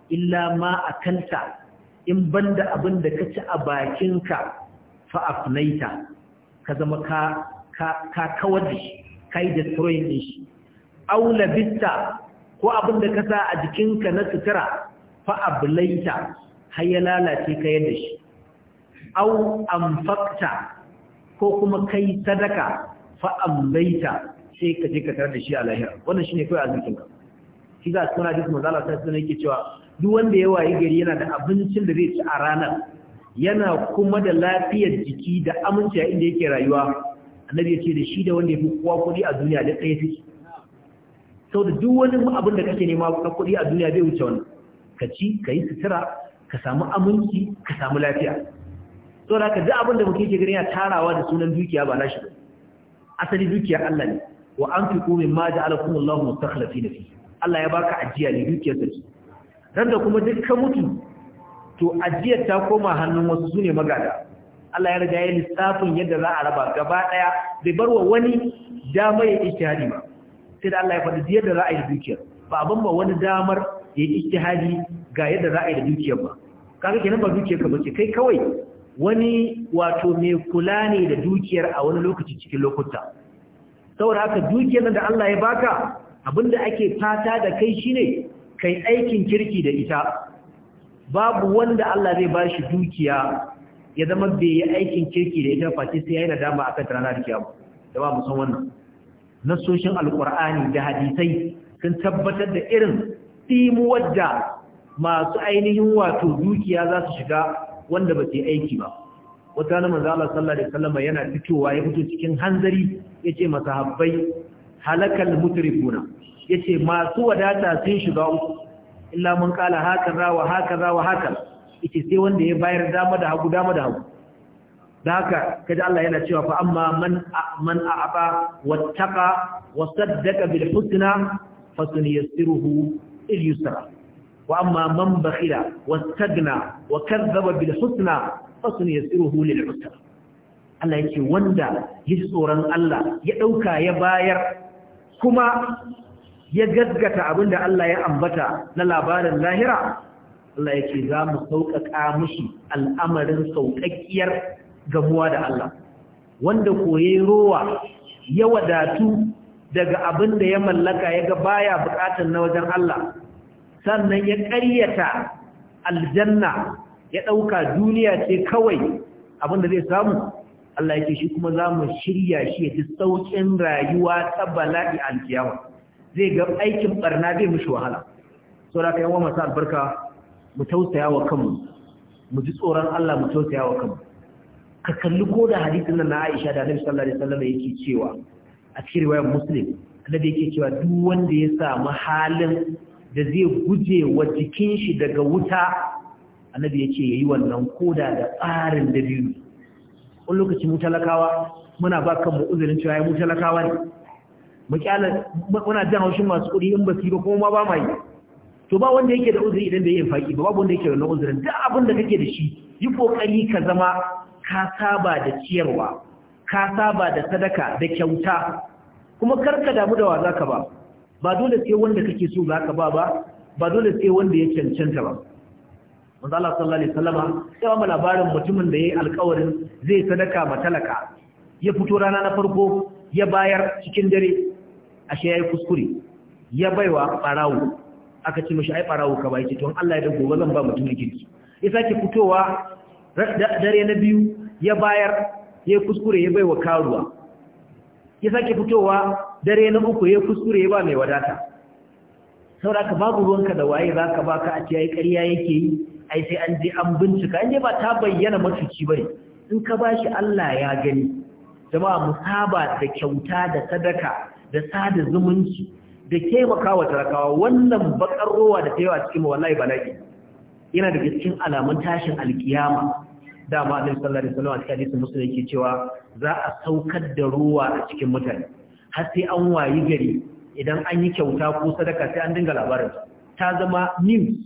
illa ma a in banda abin da ka ci a bakinka fa'afnaita ka zama ka kawar da shi ka yi destroying ɗin shi aula bista ko abin da ka sa a jikinka na sutura fa'ablaita har ya lalace ka yadda shi au amfakta ko kuma kai sadaka fa'ambaita sai ka je ka tarar da shi a lahira wannan kawai a zirkin ka shi za su suna jisun maza ta sunan yake cewa duk wanda ya wayi gari yana da abincin da zai ci a ranar yana kuma da lafiyar jiki da aminci a inda yake rayuwa annabi ya ce da shi da wanda ya fi kowa kuɗi a duniya da ɗaya fiki sau da duk wani abin da kake nema na kuɗi a duniya bai wuce wani, ka ci ka yi sutura ka samu aminci ka samu lafiya so da ka duk abin da mutum ke gani ya tarawa da sunan dukiya ba nashi ba asali dukiyar Allah ne wa anfiqu mimma ja'alakum Allahu na fi Allah ya baka ajiya ne dukiyar sarki dan da kuma dukkan mutu to ajiyar ta koma hannun wasu sune magada Allah ya riga ya lissafin yadda za a raba gaba ɗaya, bai bar wa wani dama ya ijtihadi ba sai da Allah ya faɗi yadda za a yi dukiyar ba abin ba wani damar ya yi ijtihadi ga yadda za a yi da dukiyar ba kaga kenan ba dukiyar ka bace kai kawai wani wato mai kula ne da dukiyar a wani lokaci cikin lokuta saboda haka dukiyar da Allah ya baka abin da ake fata da kai shine kai aikin kirki da ita babu wanda Allah zai ba shi dukiya ya zama bai yi aikin kirki da ita face sai ya yi nadama akan ranar kiyama da ba mu san wannan nasoshin alkur'ani da hadisai sun tabbatar da irin timuwar da masu ainihin wato dukiya za su shiga wanda ba aiki ba wata na manzo sallallahu alaihi wasallam yana fitowa ya fito cikin hanzari yace masahabbai halakal mutrifuna yace masu wadata sun shiga illa mun kala hakaza wa hakaza wa hakaza yace sai wanda ya bayar dama da hagu dama da hagu da haka kaji Allah yana cewa fa amma man man a'aba wattaqa wa bil husna fasunyassiruhu il yusra wa amma man bakhila wastagna wa kazzaba bil husna fasun yasiruhu lil usra Allah yake wanda ya tsoron Allah ya ɗauka ya bayar kuma ya gaggata abinda Allah ya ambata na labarin lahira Allah yake za mu sauƙaƙa mushi al'amarin sauƙaƙƙiyar gamuwa da Allah wanda koyi rowa ya wadatu daga abin da ya mallaka ya ga baya buƙatar na wajen Allah sannan ya ƙaryata aljanna ya ɗauka duniya ce kawai abinda zai samu Allah yake shi kuma za mu shirya shi ya ji sauƙin rayuwa ta bala'i alkiyama zai ga aikin barna zai mushi wahala Sau da ka yawan masu albarka mu tausaya wa kanmu mu ji tsoron Allah mu tausaya wa kanmu ka kalli ko da hadisin nan na Aisha da Annabi sallallahu alaihi wasallam yake cewa a cikin riwayar Muslim Annabi yake cewa duk wanda ya samu halin da zai guje wa jikin shi daga wuta annabi ya ce ya yi wannan koda da tsarin da biyu wani lokaci mu talakawa muna ba mu uzurin cewa ya mu talakawa ne muna jan haushin masu kuɗi in ba su ba kuma ba mai to ba wanda yake da uzuri idan da yin faƙi ba babu wanda yake da wannan uzurin duk abin da kake da shi yi ƙoƙari ka zama ka saba da ciyarwa ka saba da sadaka da kyauta kuma karka damu da wa za ka ba ba dole sai wanda kake so za ka ba ba ba dole sai wanda ya cancanta ba manzo Allah sallallahu alaihi wasallama sai ba labarin mutumin da yayi alƙawarin zai sadaka ma ya fito rana na farko ya bayar cikin dare ashe yayi kuskure ya baiwa barawo aka ce mishi ai barawo ka bai ce to Allah ya dago zan ba mutumin kirki ya sake fitowa dare na biyu ya bayar ya kuskure ya baiwa karuwa ya sake fitowa dare na uku ya kuskure ba mai wadata sauraka babu ruwanka da waye za ka baka a ciyayi ƙarya yake yi ai sai an je an bincika an je ba ta bayyana matuci bane in ka ba shi Allah ya gani jama'a musaba da kyauta da sadaka da sada zumunci da wa talakawa wannan bakar ruwa da tayawa cikin wallahi bala'i yana da cikin alamun tashin alkiyama dama annabi sallallahu alaihi wasallam a cikin hadisin muslim yake cewa za a saukar da ruwa a cikin mutane har sai an wayi gari idan an yi kyauta ko sadaka sai an dinga labarin ta zama news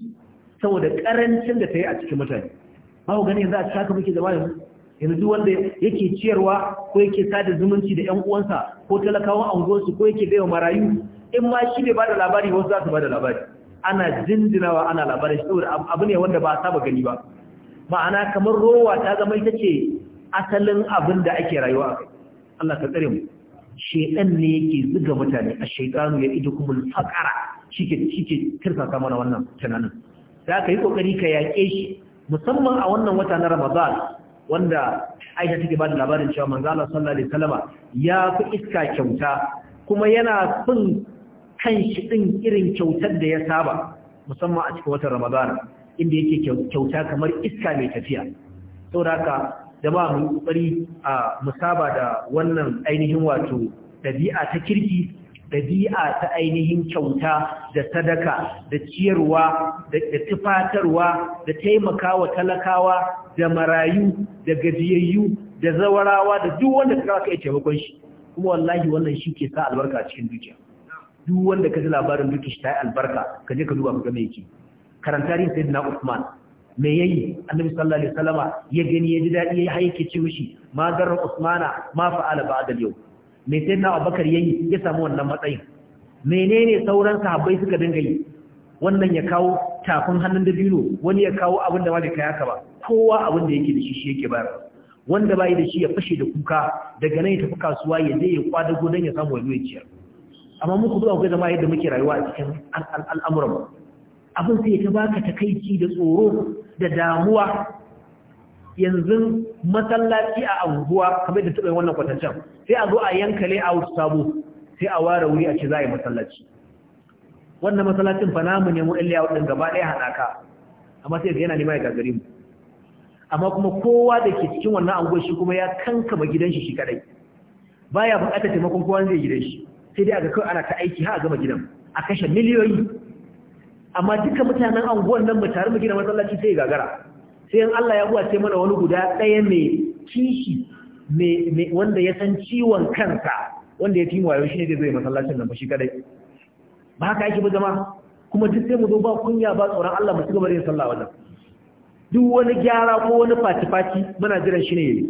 saboda karancin da ta yi a cikin mutane ba ku gani yanzu a cikin muke zama yanzu yanzu duk wanda yake ciyarwa ko yake sada zumunci da ƴan uwansa ko talakawan anguwarsu ko yake baiwa marayu in ma shi bai bada labari wasu za su bada labari ana jinjinawa ana labarin shi saboda abu ne wanda ba a saba gani ba ma'ana kamar rowa ta zama ita ce asalin abin da ake rayuwa kai Allah ka tsare mu shedan ne yake zuga mutane a shaytanu ya idu kumul faqara shike shike kirsa ka mana wannan tunanin Za ka yi kokari ka yake shi musamman a wannan wata na Ramadan wanda Aisha take ba da labarin cewa manzo Allah sallallahu alaihi wasallama ya fi iska kyauta kuma yana fin kan shi din irin kyautar da ya saba musamman a cikin watan Ramadan inda yake kyauta kamar iska mai tafiya saboda haka jama'a mu kokari a musaba da wannan ainihin wato dabi'a ta kirki dabi'a ta ainihin kyauta da sadaka da ciyarwa da tufatarwa da taimakawa talakawa da marayu da gajiyayyu da zawarawa da duk wanda ka kai taimakon shi kuma wallahi wannan shi ke sa albarka cikin dukiya duk wanda ka ji labarin dukiya ta yi albarka ka je ka duba ka ga me yake karantari sayyidina Usman me yayi annabi sallallahu alaihi wasallama ya gani ya ji dadi ya haike ci mushi ma garra Usmana ma fa'ala ba'da yau me sayyidina Abubakar yayi ya samu wannan matsayin menene sauran sahabbai suka dinga yi wannan ya kawo tafin hannun dabino wani ya kawo abin da wani bai kai ba kowa abin da yake da shi shi yake bayar. wanda bai da shi ya fashe da kuka daga nan ya tafi kasuwa ya je ya kwadago don ya samu wani ciyar amma muku zuwa kai zama yadda muke rayuwa a cikin al'amuran abin sai ta baka takaici da tsoro da damuwa yanzu masallaci a anguwa kamar da taɓa wannan kwatancan sai a zo a yankale a layout sabo sai a ware wuri a ce za a yi masallaci wannan masallacin fa namu ne mu ɗan layout ɗin gaba ɗaya haɗaka amma sai yana nema ya gagari mu amma kuma kowa da ke cikin wannan anguwa shi kuma ya kankama gidan shi shi kadai baya buƙatar taimakon kowa zai gidan shi sai dai a ga kawai ana ta aiki har a gama gidan a kashe miliyoyi amma duka mutanen anguwan nan mu tare mu gina masallaci sai gagara sai in Allah ya buwace mana wani guda daya mai kishi wanda ya san ciwon kansa wanda ya timu wayo shi ne zai masallacin nan ba shi kadai ba haka yake ba zama kuma duk sai mu zo ba kunya ba tsoron Allah mu ci gaba da yin sallah wannan duk wani gyara ko wani fati-fati muna jiran shi ne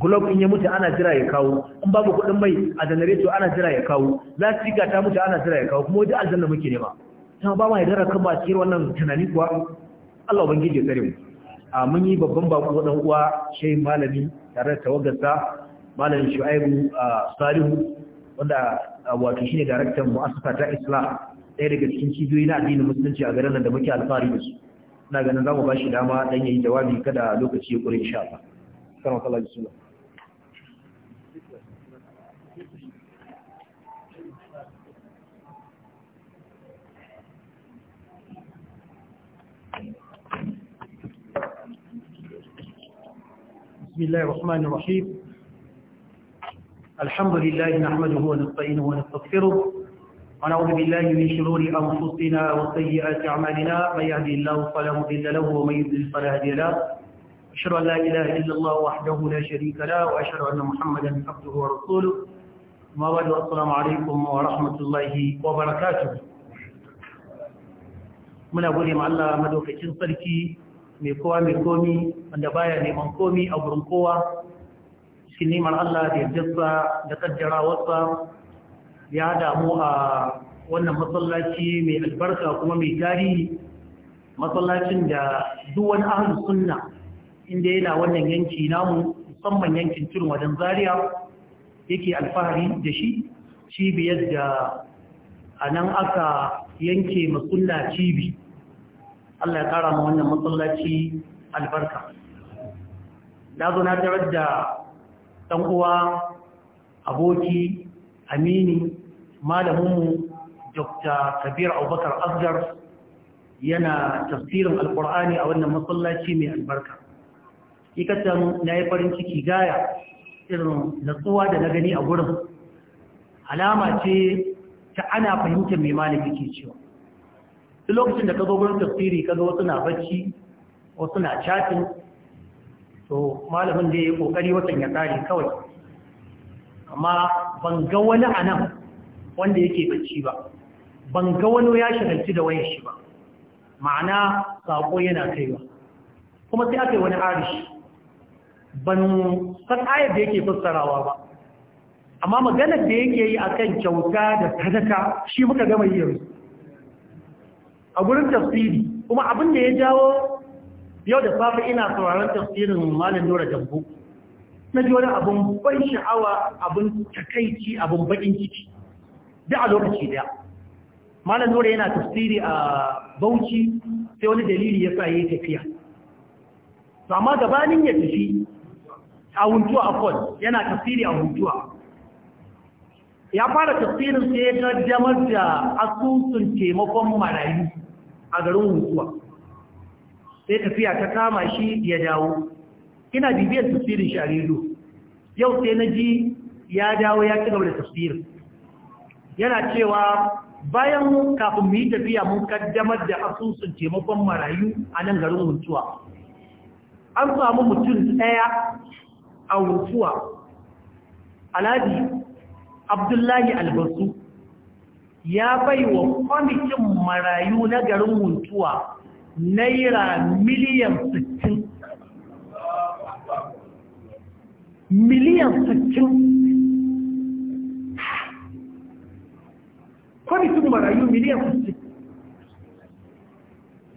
glob in ya mutu ana jira ya kawo in babu kuɗin mai a janareto ana jira ya kawo za su ta mutu ana jira ya kawo kuma wajen aljanna muke nema ta ba ma yadda ka ba cikin wannan tunani kuwa Allah ubangiji ya tsare mu a mun yi babban bako dan uwa shehi malami tare da tawagarsa malamin Shu'aibu Salihu wanda wato shine daraktan mu'assasa ta Islam ɗaya daga cikin cibiyoyi na addinin musulunci a garin nan da muke alfahari da su ina ganin za mu ba shi dama dan yayi jawabi kada lokaci ya kure insha Allah sallallahu alaihi wasallam بسم الله الرحمن الرحيم الحمد لله نحمده ونستعينه ونستغفره ونعوذ بالله من شرور أنفسنا وسيئات أعمالنا من يهدي الله فلا مضل له ومن يضلل فلا هادي له أشهد أن لا إله إلا الله وحده لا شريك له وأشهد أن محمدا عبده ورسوله ما بعد السلام عليكم ورحمة الله وبركاته من أقول مع الله مدوكة تنصركي mai kowa mai komi wanda baya neman komi a gurin kowa cikin neman Allah da yadda da kaddara wasa ya damu a wannan masallaci mai albarka kuma mai tarihi masallacin da duk wani sunna inda yana wannan yanki namu musamman yankin turin wajen zaria yake alfahari da shi cibiyar da a nan aka yanke masunna cibi Allah ya kara mu wannan masallaci albarka na zo na tarar da ɗan uwa aboki amini malaminmu dr kabir abubakar asgar yana tafsirin alkur'ani a wannan masallaci mai albarka ikatan na yi farin ciki gaya irin natsuwa da na gani a gurin alama ce ta ana fahimtar mai malami ke cewa duk lokacin da ka zo gurin tafsiri ka zo suna bacci ko suna chatting to malamin da ya kokari watan ya kare kawai amma ban ga wani a nan wanda yake bacci ba ban ga wani ya shagalci da wayar shi ba ma'ana sako yana kaiwa kuma sai aka yi wani arishi ban san ayar da yake fassarawa ba amma maganar da yake yi akan kyauta da sadaka shi muka gama yi yanzu a gurin tafsiri kuma abin da ya jawo yau da safi ina sauraron tafsirin malam nura jambu na ji wani abin ban sha'awa abin takaici abin bakin ciki da a lokaci daya malam nura yana tafsiri a bauchi sai wani dalili ya sa ya yi tafiya amma gabanin ya tafi a huntuwa a kwan yana tafsiri a huntuwa ya fara tafsirin sai ya gajamar da asusun taimakon marayu a garin hutuwa sai tafiya ta kama shi ya dawo ina bibiyar tafsirin shi a rediyo yau sai na ji ya dawo ya ci gaba da tafsirin yana cewa bayan kafin mu yi tafiya mun kaddamar da asusun taimakon marayu a nan garin hutuwa an samu mutum ɗaya a hutuwa alhaji abdullahi albasu ya bai wa kwamitin marayu na garin mutuwa naira miliyan 60 miliyan 60 kwamitin marayu miliyan 60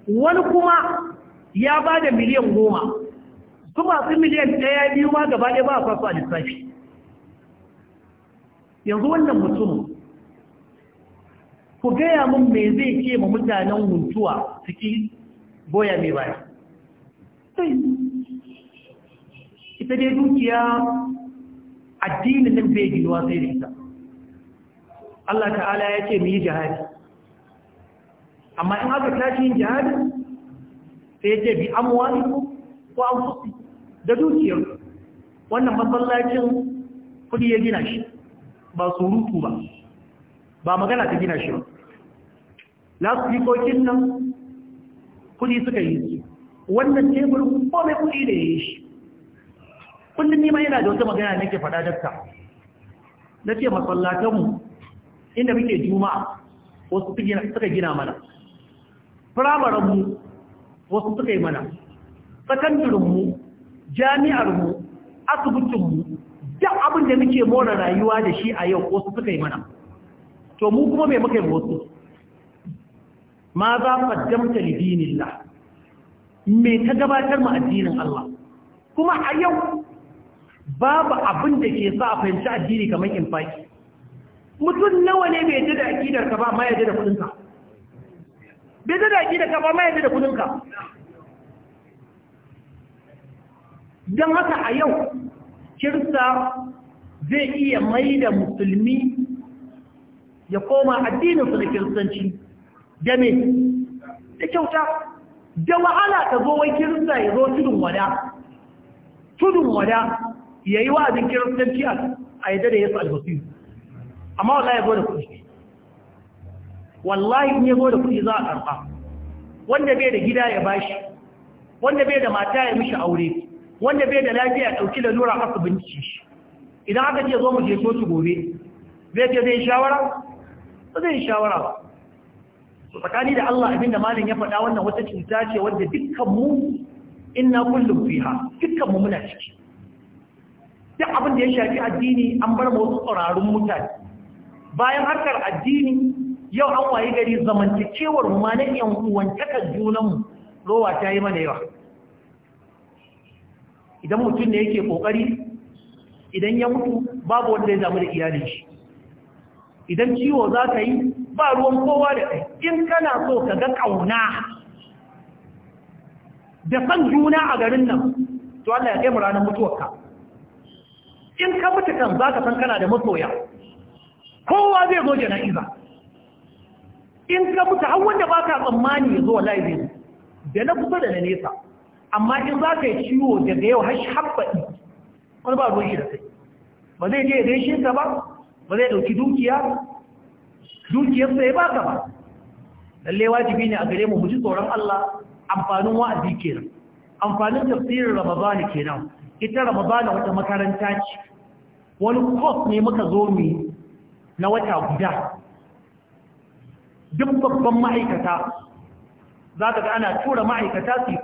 wani kuma ya ba da miliyan 10 kuma su miliyan ɗaya biyu ma gaba ɗaya ba a kwasu a lissafi yanzu wannan mutumin ku gaya mun me zai ke ma mutanen huntuwa ciki, boya mai baya ita dai dukiya addinin nan bai ginuwa sai da ita Allah ta'ala ya ce mu jihadi amma in aka tashi yin jihadi sai ce bi amwaliku ko amfusi da dukiyar wannan masallacin kudi ya gina shi ba surutu ba ba magana ta gina shi lasfikokin nan kudi suka yi su wannan tebur ko mai kudi da ya yi shi kundin nima yana da wata magana nake faɗa dakta na ce masallatanmu inda muke juma'a wasu suka gina mana firamarinmu wasu suka yi mana sakandirinmu jami'armu asibitinmu duk abin da muke mora rayuwa da shi a yau wasu suka yi mana to mu kuma mai muka yi wasu ma za faddamta lidinillah me ta gabatar mu addinin Allah kuma a yau babu abin da ke sa a fahimci addini kamar infaki mutum nawa ne mai yadda da akidar ka ba ma yadda da kudinka bai yadda da akidar ka ba ma yadda da kudinka don haka a yau kirista zai iya mai da musulmi ya koma addininsu da kiristanci game da kyauta da wahala ta zo wai kirista ya zo tudun wada tudun wada ya yi wa'azin kiristanci a yadda da yesu albasiru amma wallahi ya zo da kuɗi wallahi ya zo da kuɗi za a karɓa wanda bai da gida ya bashi wanda bai da mata ya mishi aure wanda bai da lafiya ya ɗauki lalura aka bincike shi idan aka ce zo mu je su gobe zai ce zai shawara ba zai shawara ba tsakani da Allah abinda malin ya faɗa wannan wata cuta ce wadda dukkan mu inna kullum fiha dukkan mu muna ciki duk abin da ya shafi addini an bar mu tsararun mutane bayan harkar addini yau an wayi gari zamantakewar mu ma na yan uwantaka junan mu rowa ta yi mana yawa idan mutum ne yake kokari idan ya mutu babu wanda ya zamu da iyalin shi idan ciwo za ka yi ba ruwan kowa da kai in kana so ka ga ƙauna da san juna a garin nan to Allah ya kai ranar mutuwarka in ka mutu kan za ka san kana da masoya kowa zai zo jana'iza in ka mutu har wanda ba ka tsammani ya zo wallahi zai da na kusa da na nesa amma in za ka yi ciwo daga yau har habbaɗi wani ba ruwan shi da kai ba zai je ya shi ka ba ba zai ɗauki dukiya sai ba ka ba lalle wajibi ne a gare mu ji tsoron Allah amfanin wa'azi kenan amfanin tafsirin Ramadan kenan ita Ramadan wata makaranta ce wani course ne muka zo mu na wata guda duk babban ma'aikata za ka ga ana tura ma'aikata su yi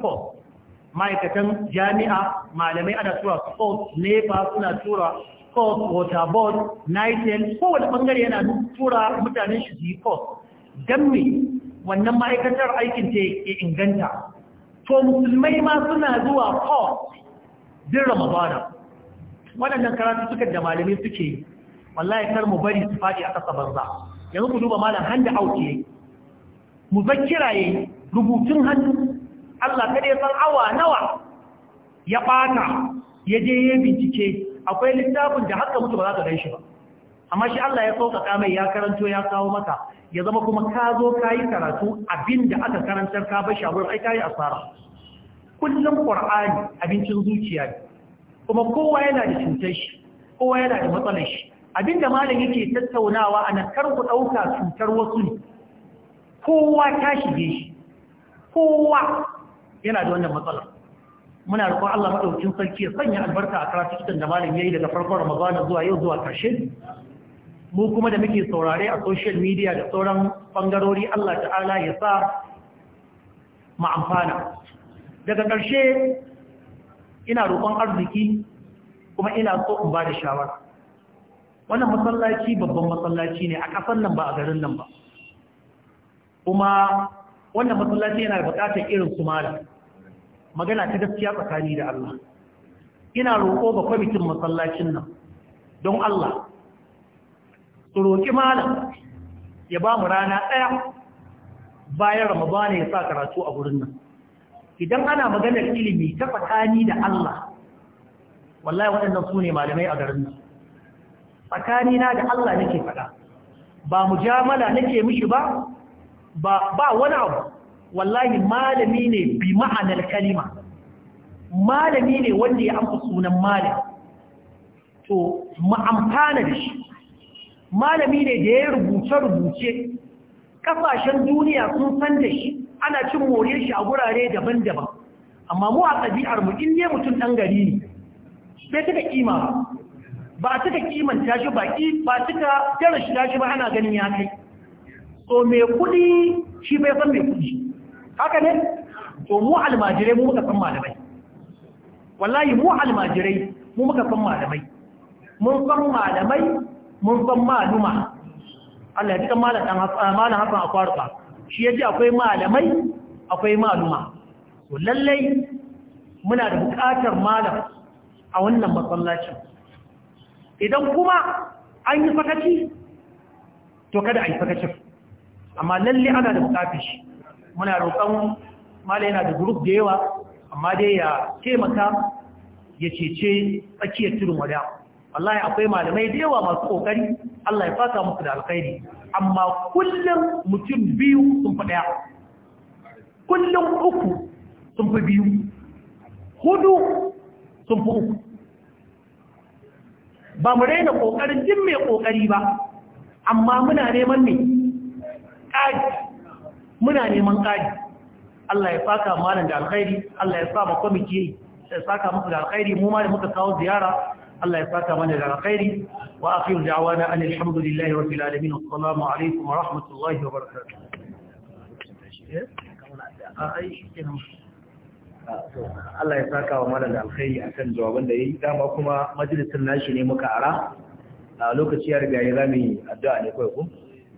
ma'aikatan jami'a malamai ana tura sport nepa suna tura sport waterboard nitel kowane bangare yana tura mutanen shi yi sport don me wannan ma'aikatar aikin ta ke inganta to musulmai ma suna zuwa sport din ramadana waɗannan karatu suka da malamai suke wallahi kar mu bari su faɗi a ƙasa banza yanzu ku duba malam handa auki yayi muzakkira yayi rubutun hannu Allah kada ya san awa nawa ya ɓata ya je ya bincike akwai littafin da haka mutu ba za ka gan shi ba amma shi Allah ya sauƙaƙa mai ya karanto ya kawo maka ya zama kuma ka zo ka yi karatu abin da aka karantar ka bai a ai ka yi asara kullum ƙwar'ani abincin zuciya ne kuma kowa yana da cutar shi kowa yana da matsalar shi abin da malam yake tattaunawa a nan kar ku ɗauka cutar wasu ne kowa ta shige shi kowa yana da wannan matsalar muna roƙon Allah maɗaukin sarki ya sanya albarka a karatu da malam yayi daga farkon Ramadan zuwa yau zuwa karshe mu kuma da muke saurare a social media da sauran bangarori Allah ta'ala ya sa mu amfana daga ƙarshe ina roƙon arziki kuma ina so in ba da shawara wannan masallaci babban masallaci ne a ƙasar nan ba a garin nan ba kuma wannan masallaci yana buƙatar irin su magana ta gaskiya tsakani da Allah ina roƙo ga kwamitin masallacin nan don Allah su roƙi malam ya ba mu rana ɗaya bayan ramadana ya sa karatu a wurin nan idan ana maganar ilimi ta tsakani da Allah wallahi waɗannan su ne malamai a garin nan tsakani na da Allah nake faɗa ba mujamala nake mishi ba ba wani abu wallahi malami ne bi ma'anar kalima malami ne wanda ya amsa sunan malam. to ma'amfana da shi malami ne da ya rubuce-rubuce kafashen duniya sun san da shi ana cin more shi a gurare daban-daban amma mu a ɗabi'ar mu in ne mutum ɗan gari ne sai suka kima ba suka kimanta shi ba ba suka tara shi ba ana ganin ya kai so mai kudi shi bai san mai kudi? haka ne to mu almajirai mu muka san malamai wallahi mu almajirai mu muka san malamai mun san malamai mun san maluma Allah ya cikin malam hasan akwarfa shi ya ji akwai malamai akwai maluma to lallai muna da buƙatar malam a wannan matsalaci idan kuma an yi fakaci to kada a yi fakacin amma lalle ana da bukatar shi muna roƙon mala yana da grup da yawa amma dai ya taimaka ya cece tsakiyar turin wada wallahi akwai malamai da yawa masu kokari Allah ya fata musu da alkhairi amma kullum mutum biyu sun fi daya kullum uku sun fi biyu hudu sun fi uku ba mu raina kokarin jin mai kokari ba amma muna neman ne ƙari muna neman ƙari Allah ya saka malam da alkhairi Allah ya sa ma kwamiti ya saka muku da alkhairi mu ma da muka kawo ziyara Allah ya saka mana da alkhairi wa akhiru da'wana an alhamdulillahi rabbil alamin assalamu alaikum wa rahmatullahi wa barakatuh Allah ya saka wa malam da alkhairi akan jawaban da yayi dama kuma majalisin nashi ne muka ara a lokaci ya riga ya zami addu'a ne kai ku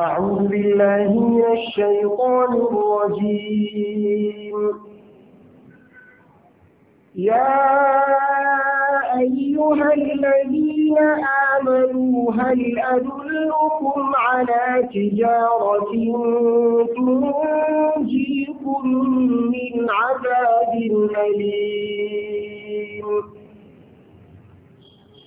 أعوذ بالله من الشيطان الرجيم يا أيها الذين آمنوا هل أدلكم على تجارة تنجيكم من عذاب أليم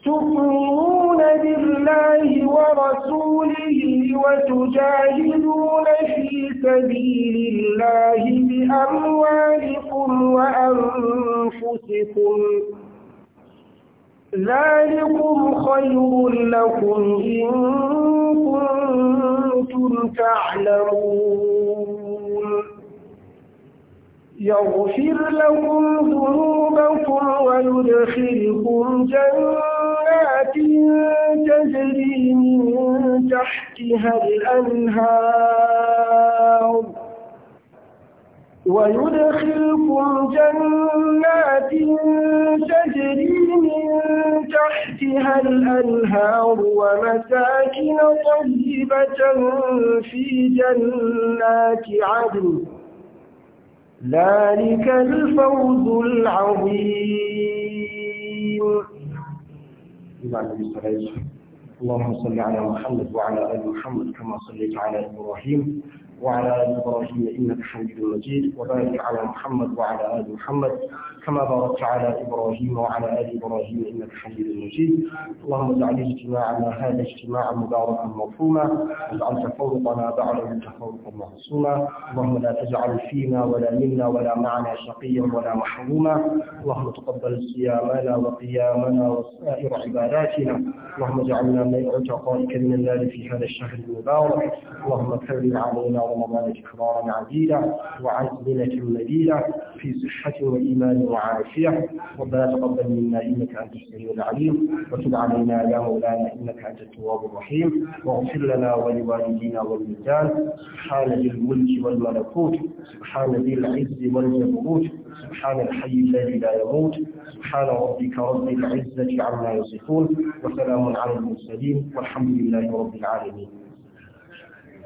تؤمنون بالله ورسوله وتجاهدون في سبيل الله بأموالكم وأنفسكم ذلكم خير لكم إن كنتم تعلمون يغفر لكم ذنوبكم ويدخلكم جنات جنات تجري من تحتها الأنهار ويدخلكم جنات تجري من تحتها الأنهار ومساكن طيبة في جنات عدن ذلك الفوز العظيم مع النبي صلى الله عليه وسلم اللهم صل على محمد وعلى ال محمد كما صليت على ابراهيم وعلى آل إبراهيم إنك حميد مجيد وبارك على محمد وعلى آل محمد كما باركت على إبراهيم وعلى آل إبراهيم إنك حميد مجيد اللهم اجعل اجتماعنا هذا اجتماعا مباركا مرحوما واجعل تفوقنا بعده تفوقا معصوما اللهم لا تجعل فينا ولا منا ولا معنا شقيا ولا محروما اللهم تقبل صيامنا وقيامنا وسائر عباداتنا اللهم اجعلنا من عتقائك من النار في هذا الشهر المبارك اللهم كرم علينا رمضان إكرارا عديدا وعزمنة مديدة في صحة وإيمان وعافية ربنا تقبل منا إنك أنت السميع العليم وتب علينا يا مولانا إنك أنت التواب الرحيم واغفر لنا ولوالدينا والولدان سبحان ذي الملك والملكوت سبحان ذي العز والجبروت سبحان الحي الذي لا يموت سبحان ربك رب العزة عما يصفون وسلام على المرسلين والحمد لله رب العالمين